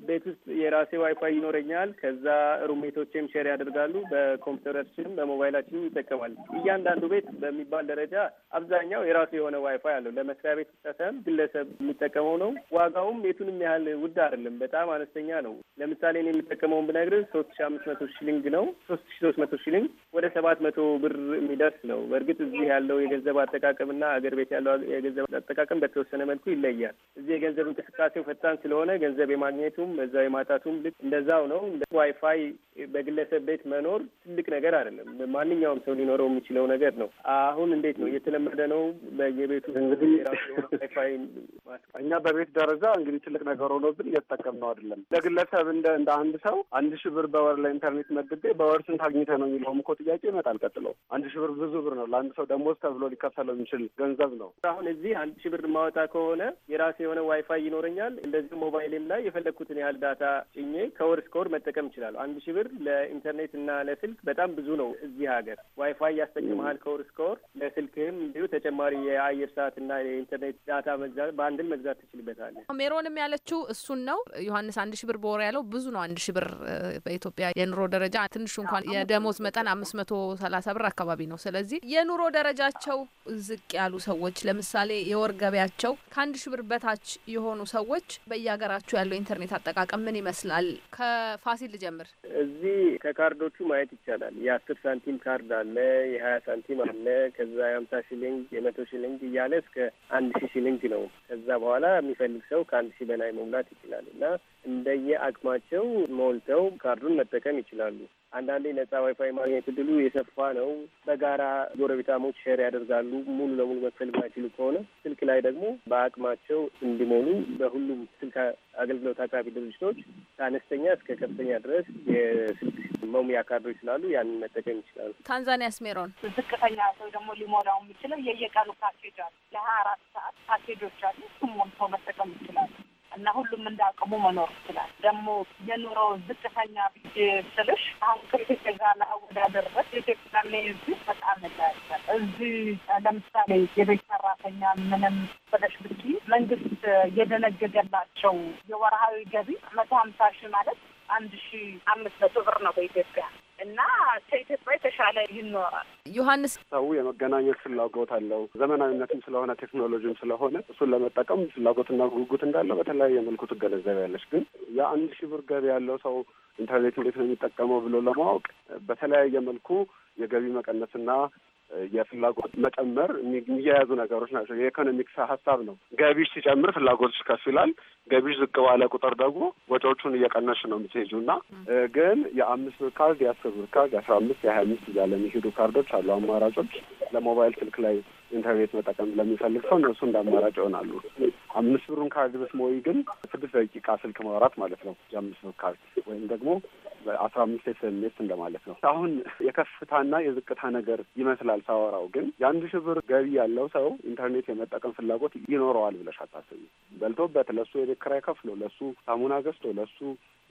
[SPEAKER 16] ቤት ውስጥ የራሴ ዋይፋይ ይኖረኛል። ከዛ ሩሜቶቼም ሼር ያደርጋሉ። በኮምፒውተራችንም በሞባይላችንም ይጠቀማል። እያንዳንዱ ቤት በሚባል ደረጃ አብዛኛው የራሱ የሆነ ዋይፋይ አለው። ለመስሪያ ቤት ብቻ ሳይሆን ግለሰብ የሚጠቀመው ነው። ዋጋውም የቱንም ያህል ውድ አይደለም፣ በጣም አነስተኛ ነው። ለምሳሌ እኔ የምጠቀመውን ብነግር ሶስት ሺ አምስት መቶ ሺሊንግ ነው። ሶስት ሺ ሶስት መቶ ሺሊንግ ወደ ሰባት መቶ ብር የሚደርስ ነው። በእርግጥ እዚህ ያለው የገንዘብ አጠቃቀምና አገር ቤት ያለው የገንዘብ አጠቃቀም በተወሰነ መልኩ ይለያል። እዚህ የገንዘብ እንቅስቃሴው ፈጣን ስለሆነ ገንዘብ የማ ማግኘቱም እዛ የማጣቱም ልክ እንደዛው ነው። ዋይፋይ በግለሰብ ቤት መኖር ትልቅ ነገር አይደለም። ማንኛውም ሰው ሊኖረው የሚችለው ነገር
[SPEAKER 17] ነው። አሁን እንዴት ነው እየተለመደ ነው በየቤቱ እንግዲህ እኛ በቤት ደረጃ እንግዲህ ትልቅ ነገር ሆኖብን እየተጠቀም ነው አይደለም። ለግለሰብ እንደ እንደ አንድ ሰው አንድ ሺህ ብር በወር ለኢንተርኔት መድቤ በወር ስንት አግኝተህ ነው የሚለውም እኮ ጥያቄ ይመጣል። ቀጥለው አንድ ሺህ ብር ብዙ ብር ነው። ለአንድ ሰው ደሞዝ ተብሎ ሊከፈለው የሚችል ገንዘብ ነው።
[SPEAKER 16] አሁን እዚህ አንድ ሺህ ብር ማወጣ ከሆነ የራሴ የሆነ ዋይፋይ ይኖረኛል። እንደዚህ ሞባይልም ላይ የፈለግኩትን ያህል ዳታ ጭኜ ከወር እስከ ወር መጠቀም ይችላሉ። አንድ ሺ ብር ለኢንተርኔት እና ለስልክ በጣም ብዙ ነው እዚህ ሀገር። ዋይፋይ ያስጠቅመሃል ከወር እስከ ወር። ለስልክህም እንዲሁ ተጨማሪ የአየር ሰዓት እና የኢንተርኔት ዳታ መግዛት በአንድል መግዛት ትችልበታለህ።
[SPEAKER 9] ሜሮንም ያለችው እሱን ነው። ዮሐንስ አንድ ሺ ብር በወር ያለው ብዙ ነው። አንድ ሺ ብር በኢትዮጵያ የኑሮ ደረጃ ትንሹ እንኳን የደሞዝ መጠን አምስት መቶ ሰላሳ ብር አካባቢ ነው። ስለዚህ የኑሮ ደረጃቸው ዝቅ ያሉ ሰዎች ለምሳሌ የወር ገቢያቸው ከአንድ ሺ ብር በታች የሆኑ ሰዎች በየሀገራችሁ ያለው የኢንተርኔት አጠቃቀም ምን ይመስላል? ከፋሲል ልጀምር።
[SPEAKER 16] እዚህ ከካርዶቹ ማየት ይቻላል። የአስር ሳንቲም ካርድ አለ፣ የሀያ ሳንቲም አለ፣ ከዛ የሀምሳ ሺሊንግ የመቶ ሺሊንግ እያለ እስከ አንድ ሺ ሺሊንግ ነው። ከዛ በኋላ የሚፈልግ ሰው ከአንድ ሺ በላይ መሙላት ይችላል እና እንደየ አቅማቸው ሞልተው ካርዱን መጠቀም ይችላሉ። አንዳንዴ ነጻ ዋይፋይ ማግኘት እድሉ የሰፋ ነው። በጋራ ጎረቤታሞች ሼር ያደርጋሉ። ሙሉ ለሙሉ መክፈል የማይችሉ ከሆነ ስልክ ላይ ደግሞ በአቅማቸው እንዲሞሉ በሁሉም ስልክ አገልግሎት አቅራቢ ድርጅቶች ከአነስተኛ እስከ ከፍተኛ ድረስ የስልክ መሙያ ካርዶ ይችላሉ። ያንን መጠቀም ይችላሉ።
[SPEAKER 15] ታንዛኒያ ስሜሮን ዝቅተኛ ሰው ደግሞ ሊሞላው የሚችለው የየቀኑ ፓኬጅ አሉ። ለሀያ አራት ሰዓት ፓኬጆች አሉ። እሱም ሞልተው መጠቀም ይችላሉ። እና ሁሉም እንዳቅሙ መኖር ይችላል። ደግሞ የኑሮ ዝቅተኛ ስልሽ አሁን ከኢትዮጵያ ጋር ለአወዳደር በት የኢትዮጵያና የዚህ በጣም ይለያያል። እዚህ ለምሳሌ የቤት ሰራተኛ ምንም ብለሽ ብቲ መንግስት የደነገገላቸው የወርሃዊ ገቢ መቶ ሀምሳ ሺህ ማለት አንድ ሺ አምስት መቶ ብር ነው በኢትዮጵያ እና ከኢትዮጵያ የተሻለ ይኖራል። ዮሐንስ ሰው
[SPEAKER 17] የመገናኘት ፍላጎት አለው። ዘመናዊነትም ስለሆነ ቴክኖሎጂም ስለሆነ እሱን ለመጠቀም ፍላጎትና ጉጉት እንዳለው በተለያየ መልኩ ትገነዘቢያለሽ። ግን የአንድ ሺህ ብር ገቢ ያለው ሰው ኢንተርኔት እንዴት ነው የሚጠቀመው ብሎ ለማወቅ በተለያየ መልኩ የገቢ መቀነስና የፍላጎት መጨመር የሚያያዙ ነገሮች ናቸው። የኢኮኖሚክስ ሀሳብ ነው። ገቢሽ ሲጨምር ፍላጎትሽ ከፍ ይላል። ገቢሽ ዝቅ ባለ ቁጥር ደግሞ ወጪዎቹን እየቀነሽ ነው የምትሄጁ እና ግን የአምስት ብር ካርድ የአስር ብር ካርድ የአስራ አምስት የሀያ አምስት እያለ የሚሄዱ ካርዶች አሉ አማራጮች ለሞባይል ስልክ ላይ ኢንተርኔት መጠቀም ለሚፈልግ ሰው እነሱ እንደ አማራጭ ይሆናሉ። አምስት ብሩን ካርድ ብትሞይ ግን ስድስት ደቂቃ ስልክ ማውራት ማለት ነው የአምስት ብር ካርድ ወይም ደግሞ አስራ አምስት ኤስኤምኤስ እንደማለት ነው። አሁን የከፍታና የዝቅታ ነገር ይመስላል ሳወራው፣ ግን የአንድ ሺህ ብር ገቢ ያለው ሰው ኢንተርኔት የመጠቀም ፍላጎት ይኖረዋል ብለሽ አታስቢ። በልቶበት ለሱ የቤት ኪራይ ከፍሎ ለሱ ሳሙና ገዝቶ ለሱ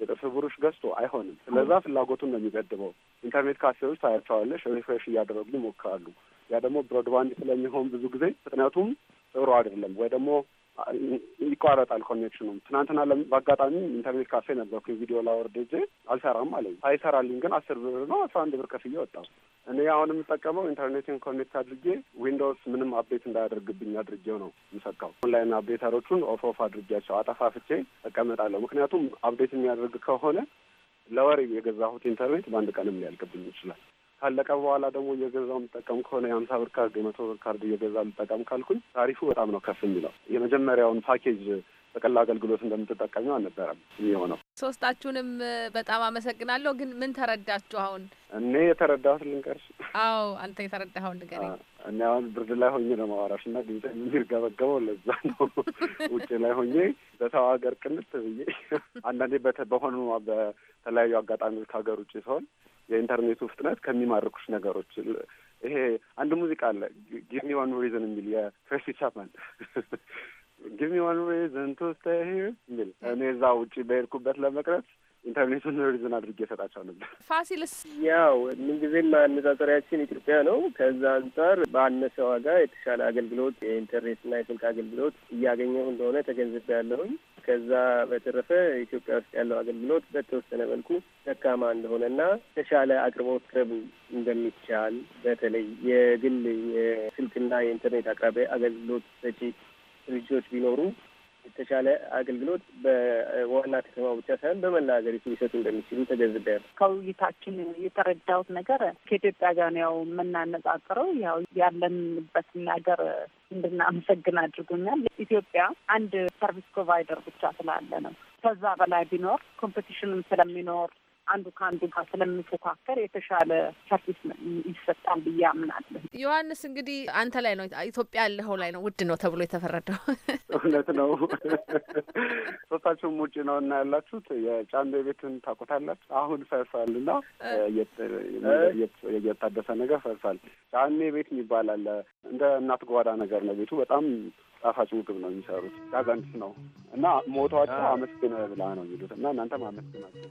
[SPEAKER 17] የጥርስ ብሩሽ ገዝቶ አይሆንም። ስለዛ ፍላጎቱን ነው የሚገድበው። ኢንተርኔት ካፌዎች ታያቸዋለሽ፣ ሪፍሬሽ እያደረጉ ይሞክራሉ። ያ ደግሞ ብሮድባንድ ስለሚሆን ብዙ ጊዜ ፍጥነቱም ጥሩ አይደለም ወይ ደግሞ ይቋረጣል ኮኔክሽኑ። ትናንትና በአጋጣሚ ኢንተርኔት ካፌ ነበርኩ ቪዲዮ ላወርድ ሄጄ አልሰራም አለኝ። አይሰራልኝ ግን አስር ብር ነው አስራ አንድ ብር ከፍዬ ወጣሁ። እኔ አሁን የምጠቀመው ኢንተርኔትን ኮኔክት አድርጌ ዊንዶውስ ምንም አፕዴት እንዳያደርግብኝ አድርጌው ነው የምሰካው። ኦንላይን አፕዴተሮቹን ኦፍ ኦፍ አድርጌያቸው አጠፋፍቼ እቀመጣለሁ። ምክንያቱም አፕዴት የሚያደርግ ከሆነ ለወር የገዛሁት ኢንተርኔት በአንድ ቀንም ሊያልቅብኝ ይችላል። ካለቀ በኋላ ደግሞ እየገዛው የምጠቀም ከሆነ የሀምሳ ብር ካርድ የመቶ ብር ካርድ እየገዛ የምጠቀም ካልኩኝ ታሪፉ በጣም ነው ከፍ የሚለው። የመጀመሪያውን ፓኬጅ በቀላ አገልግሎት እንደምትጠቀሚ አልነበረም የሚሆነው።
[SPEAKER 9] ሶስታችሁንም በጣም አመሰግናለሁ። ግን ምን ተረዳችሁ? አሁን
[SPEAKER 17] እኔ የተረዳሁት ልንገርሽ።
[SPEAKER 9] አዎ አንተ የተረዳኸውን ንገረኝ።
[SPEAKER 17] እኔ አሁን ብርድ ላይ ሆኜ ነው ማዋራሽ እና ድምፅ የሚርገበገበው ለዛ ነው።
[SPEAKER 3] ውጭ ላይ
[SPEAKER 17] ሆኜ በሰው ሀገር ቅንት ብዬ አንዳንዴ በሆኑ በተለያዩ አጋጣሚዎች ከሀገር ውጭ ሲሆን የኢንተርኔቱ ፍጥነት ከሚማርኩሽ ነገሮች ይሄ አንድ ሙዚቃ አለ ጊቭ ሚ ዋን ሪዝን የሚል የፐርሲ ቻፕማን ጊቭ ሚ ዋን ሪዝን ቱ ስቴይ ሂር የሚል እኔ እዛ ውጭ በሄድኩበት ለመቅረት ኢንተርኔቱን ሪዝን አድርጌ የሰጣቸው ነበር። ፋሲልስ ያው ምንጊዜም አነጻጸሪያችን ኢትዮጵያ ነው። ከዛ
[SPEAKER 16] አንጻር በአነሰ ዋጋ የተሻለ አገልግሎት የኢንተርኔትና የስልክ አገልግሎት እያገኘሁ እንደሆነ ተገንዝብ ያለሁኝ። ከዛ በተረፈ ኢትዮጵያ ውስጥ ያለው አገልግሎት በተወሰነ መልኩ ደካማ እንደሆነና የተሻለ አቅርቦት ቅረቡ እንደሚቻል በተለይ የግል የስልክና የኢንተርኔት አቅራቢ አገልግሎት ሰጪ ድርጅቶች ቢኖሩ የተሻለ አገልግሎት በዋና ከተማ ብቻ ሳይሆን በመላ ሀገሪቱ ሊሰጡ እንደሚችሉ
[SPEAKER 15] ተገንዝቤያለሁ። ከውይይታችን የተረዳሁት ነገር ከኢትዮጵያ ጋር ያው የምናነጻጽረው ያው ያለንበትን ሀገር እንድናመሰግን አድርጎኛል። ኢትዮጵያ አንድ ሰርቪስ ፕሮቫይደር ብቻ ስላለ ነው። ከዛ በላይ ቢኖር ኮምፒቲሽንም ስለሚኖር አንዱ ከአንዱ ጋር ስለሚፎካከር የተሻለ ሰርቪስ ይሰጣል ብዬ አምናለሁ።
[SPEAKER 9] ዮሐንስ እንግዲህ አንተ ላይ ነው ኢትዮጵያ ያለኸው ላይ ነው ውድ ነው ተብሎ የተፈረደው።
[SPEAKER 17] እውነት ነው። ሶታችሁም ውጭ ነው እና ያላችሁት የጫንዶ ቤትን ታቆታላችሁ። አሁን ፈርሳል እና እየታደሰ ነገር ፈርሳል። ጫኔ ቤት የሚባል አለ። እንደ እናት ጓዳ ነገር ነው ቤቱ በጣም ጣፋጭ ምግብ ነው የሚሰሩት። ጋዛንስ ነው እና ሞቷቸው አመስግን ብላ ነው የሚሉት እና እናንተም አመስግናቸው።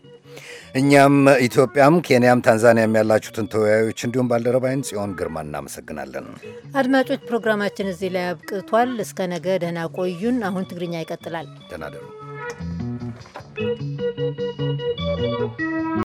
[SPEAKER 7] እኛም
[SPEAKER 2] ኢትዮጵያም፣ ኬንያም፣ ታንዛኒያም ያላችሁትን ተወያዮች እንዲሁም ባልደረባይን ጽዮን ግርማ እናመሰግናለን።
[SPEAKER 1] አድማጮች ፕሮግራማችን እዚህ ላይ አብቅቷል። እስከ ነገ ደህና ቆዩን። አሁን ትግርኛ ይቀጥላል። ደህና ደሩ